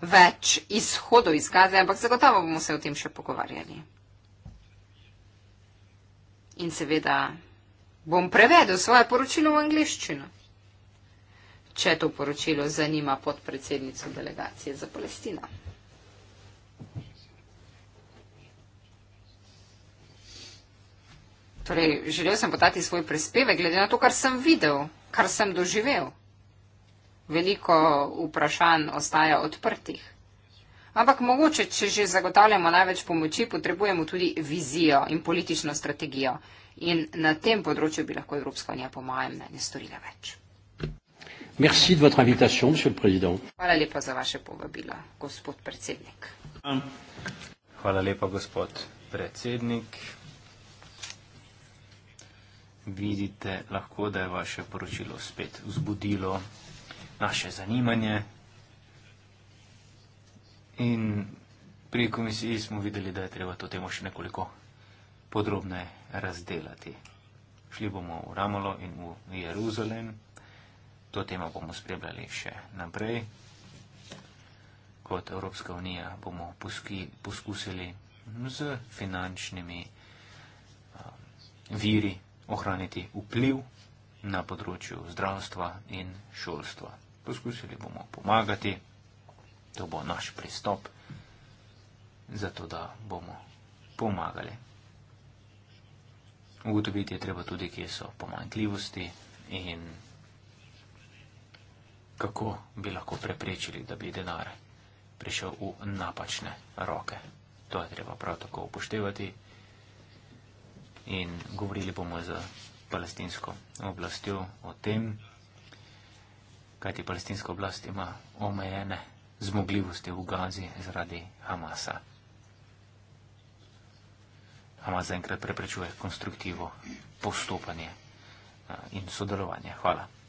več izhodov iz Gaze, ampak zagotovo bomo se o tem še pogovarjali. In seveda bom prevedel svoje poročilo v angliščino če to poročilo zanima podpredsednico delegacije za Palestino. Torej, želel sem podati svoj prispevek, glede na to, kar sem videl, kar sem doživel. Veliko vprašanj ostaja odprtih. Ampak mogoče, če že zagotavljamo največ pomoči, potrebujemo tudi vizijo in politično strategijo. In na tem področju bi lahko Evropska unija, po mojem mnenju, storila več. Merci de votre invitation, monsieur le président. Hvala lepa za vaše povabilo, gospod predsednik. Hvala lepa, gospod predsednik. Vidite lahko, da je vaše poročilo spet vzbudilo naše zanimanje. In pri komisiji smo videli, da je treba to temo še nekoliko podrobne razdelati. Šli bomo v Ramalo in v Jeruzalem to temo bomo spremljali še naprej. Kot Evropska unija bomo poski, poskusili z finančnimi um, viri ohraniti vpliv na področju zdravstva in šolstva. Poskusili bomo pomagati, to bo naš pristop, zato da bomo pomagali. Ugotoviti je treba tudi, kje so pomankljivosti in kako bi lahko preprečili, da bi denar prišel v napačne roke. To je treba prav tako upoštevati. In govorili bomo z palestinsko oblastjo o tem, kajti palestinska oblast ima omejene zmogljivosti v Gazi zaradi Hamasa. Hamas zaenkrat preprečuje konstruktivo postopanje eh, in sodelovanje. Hvala.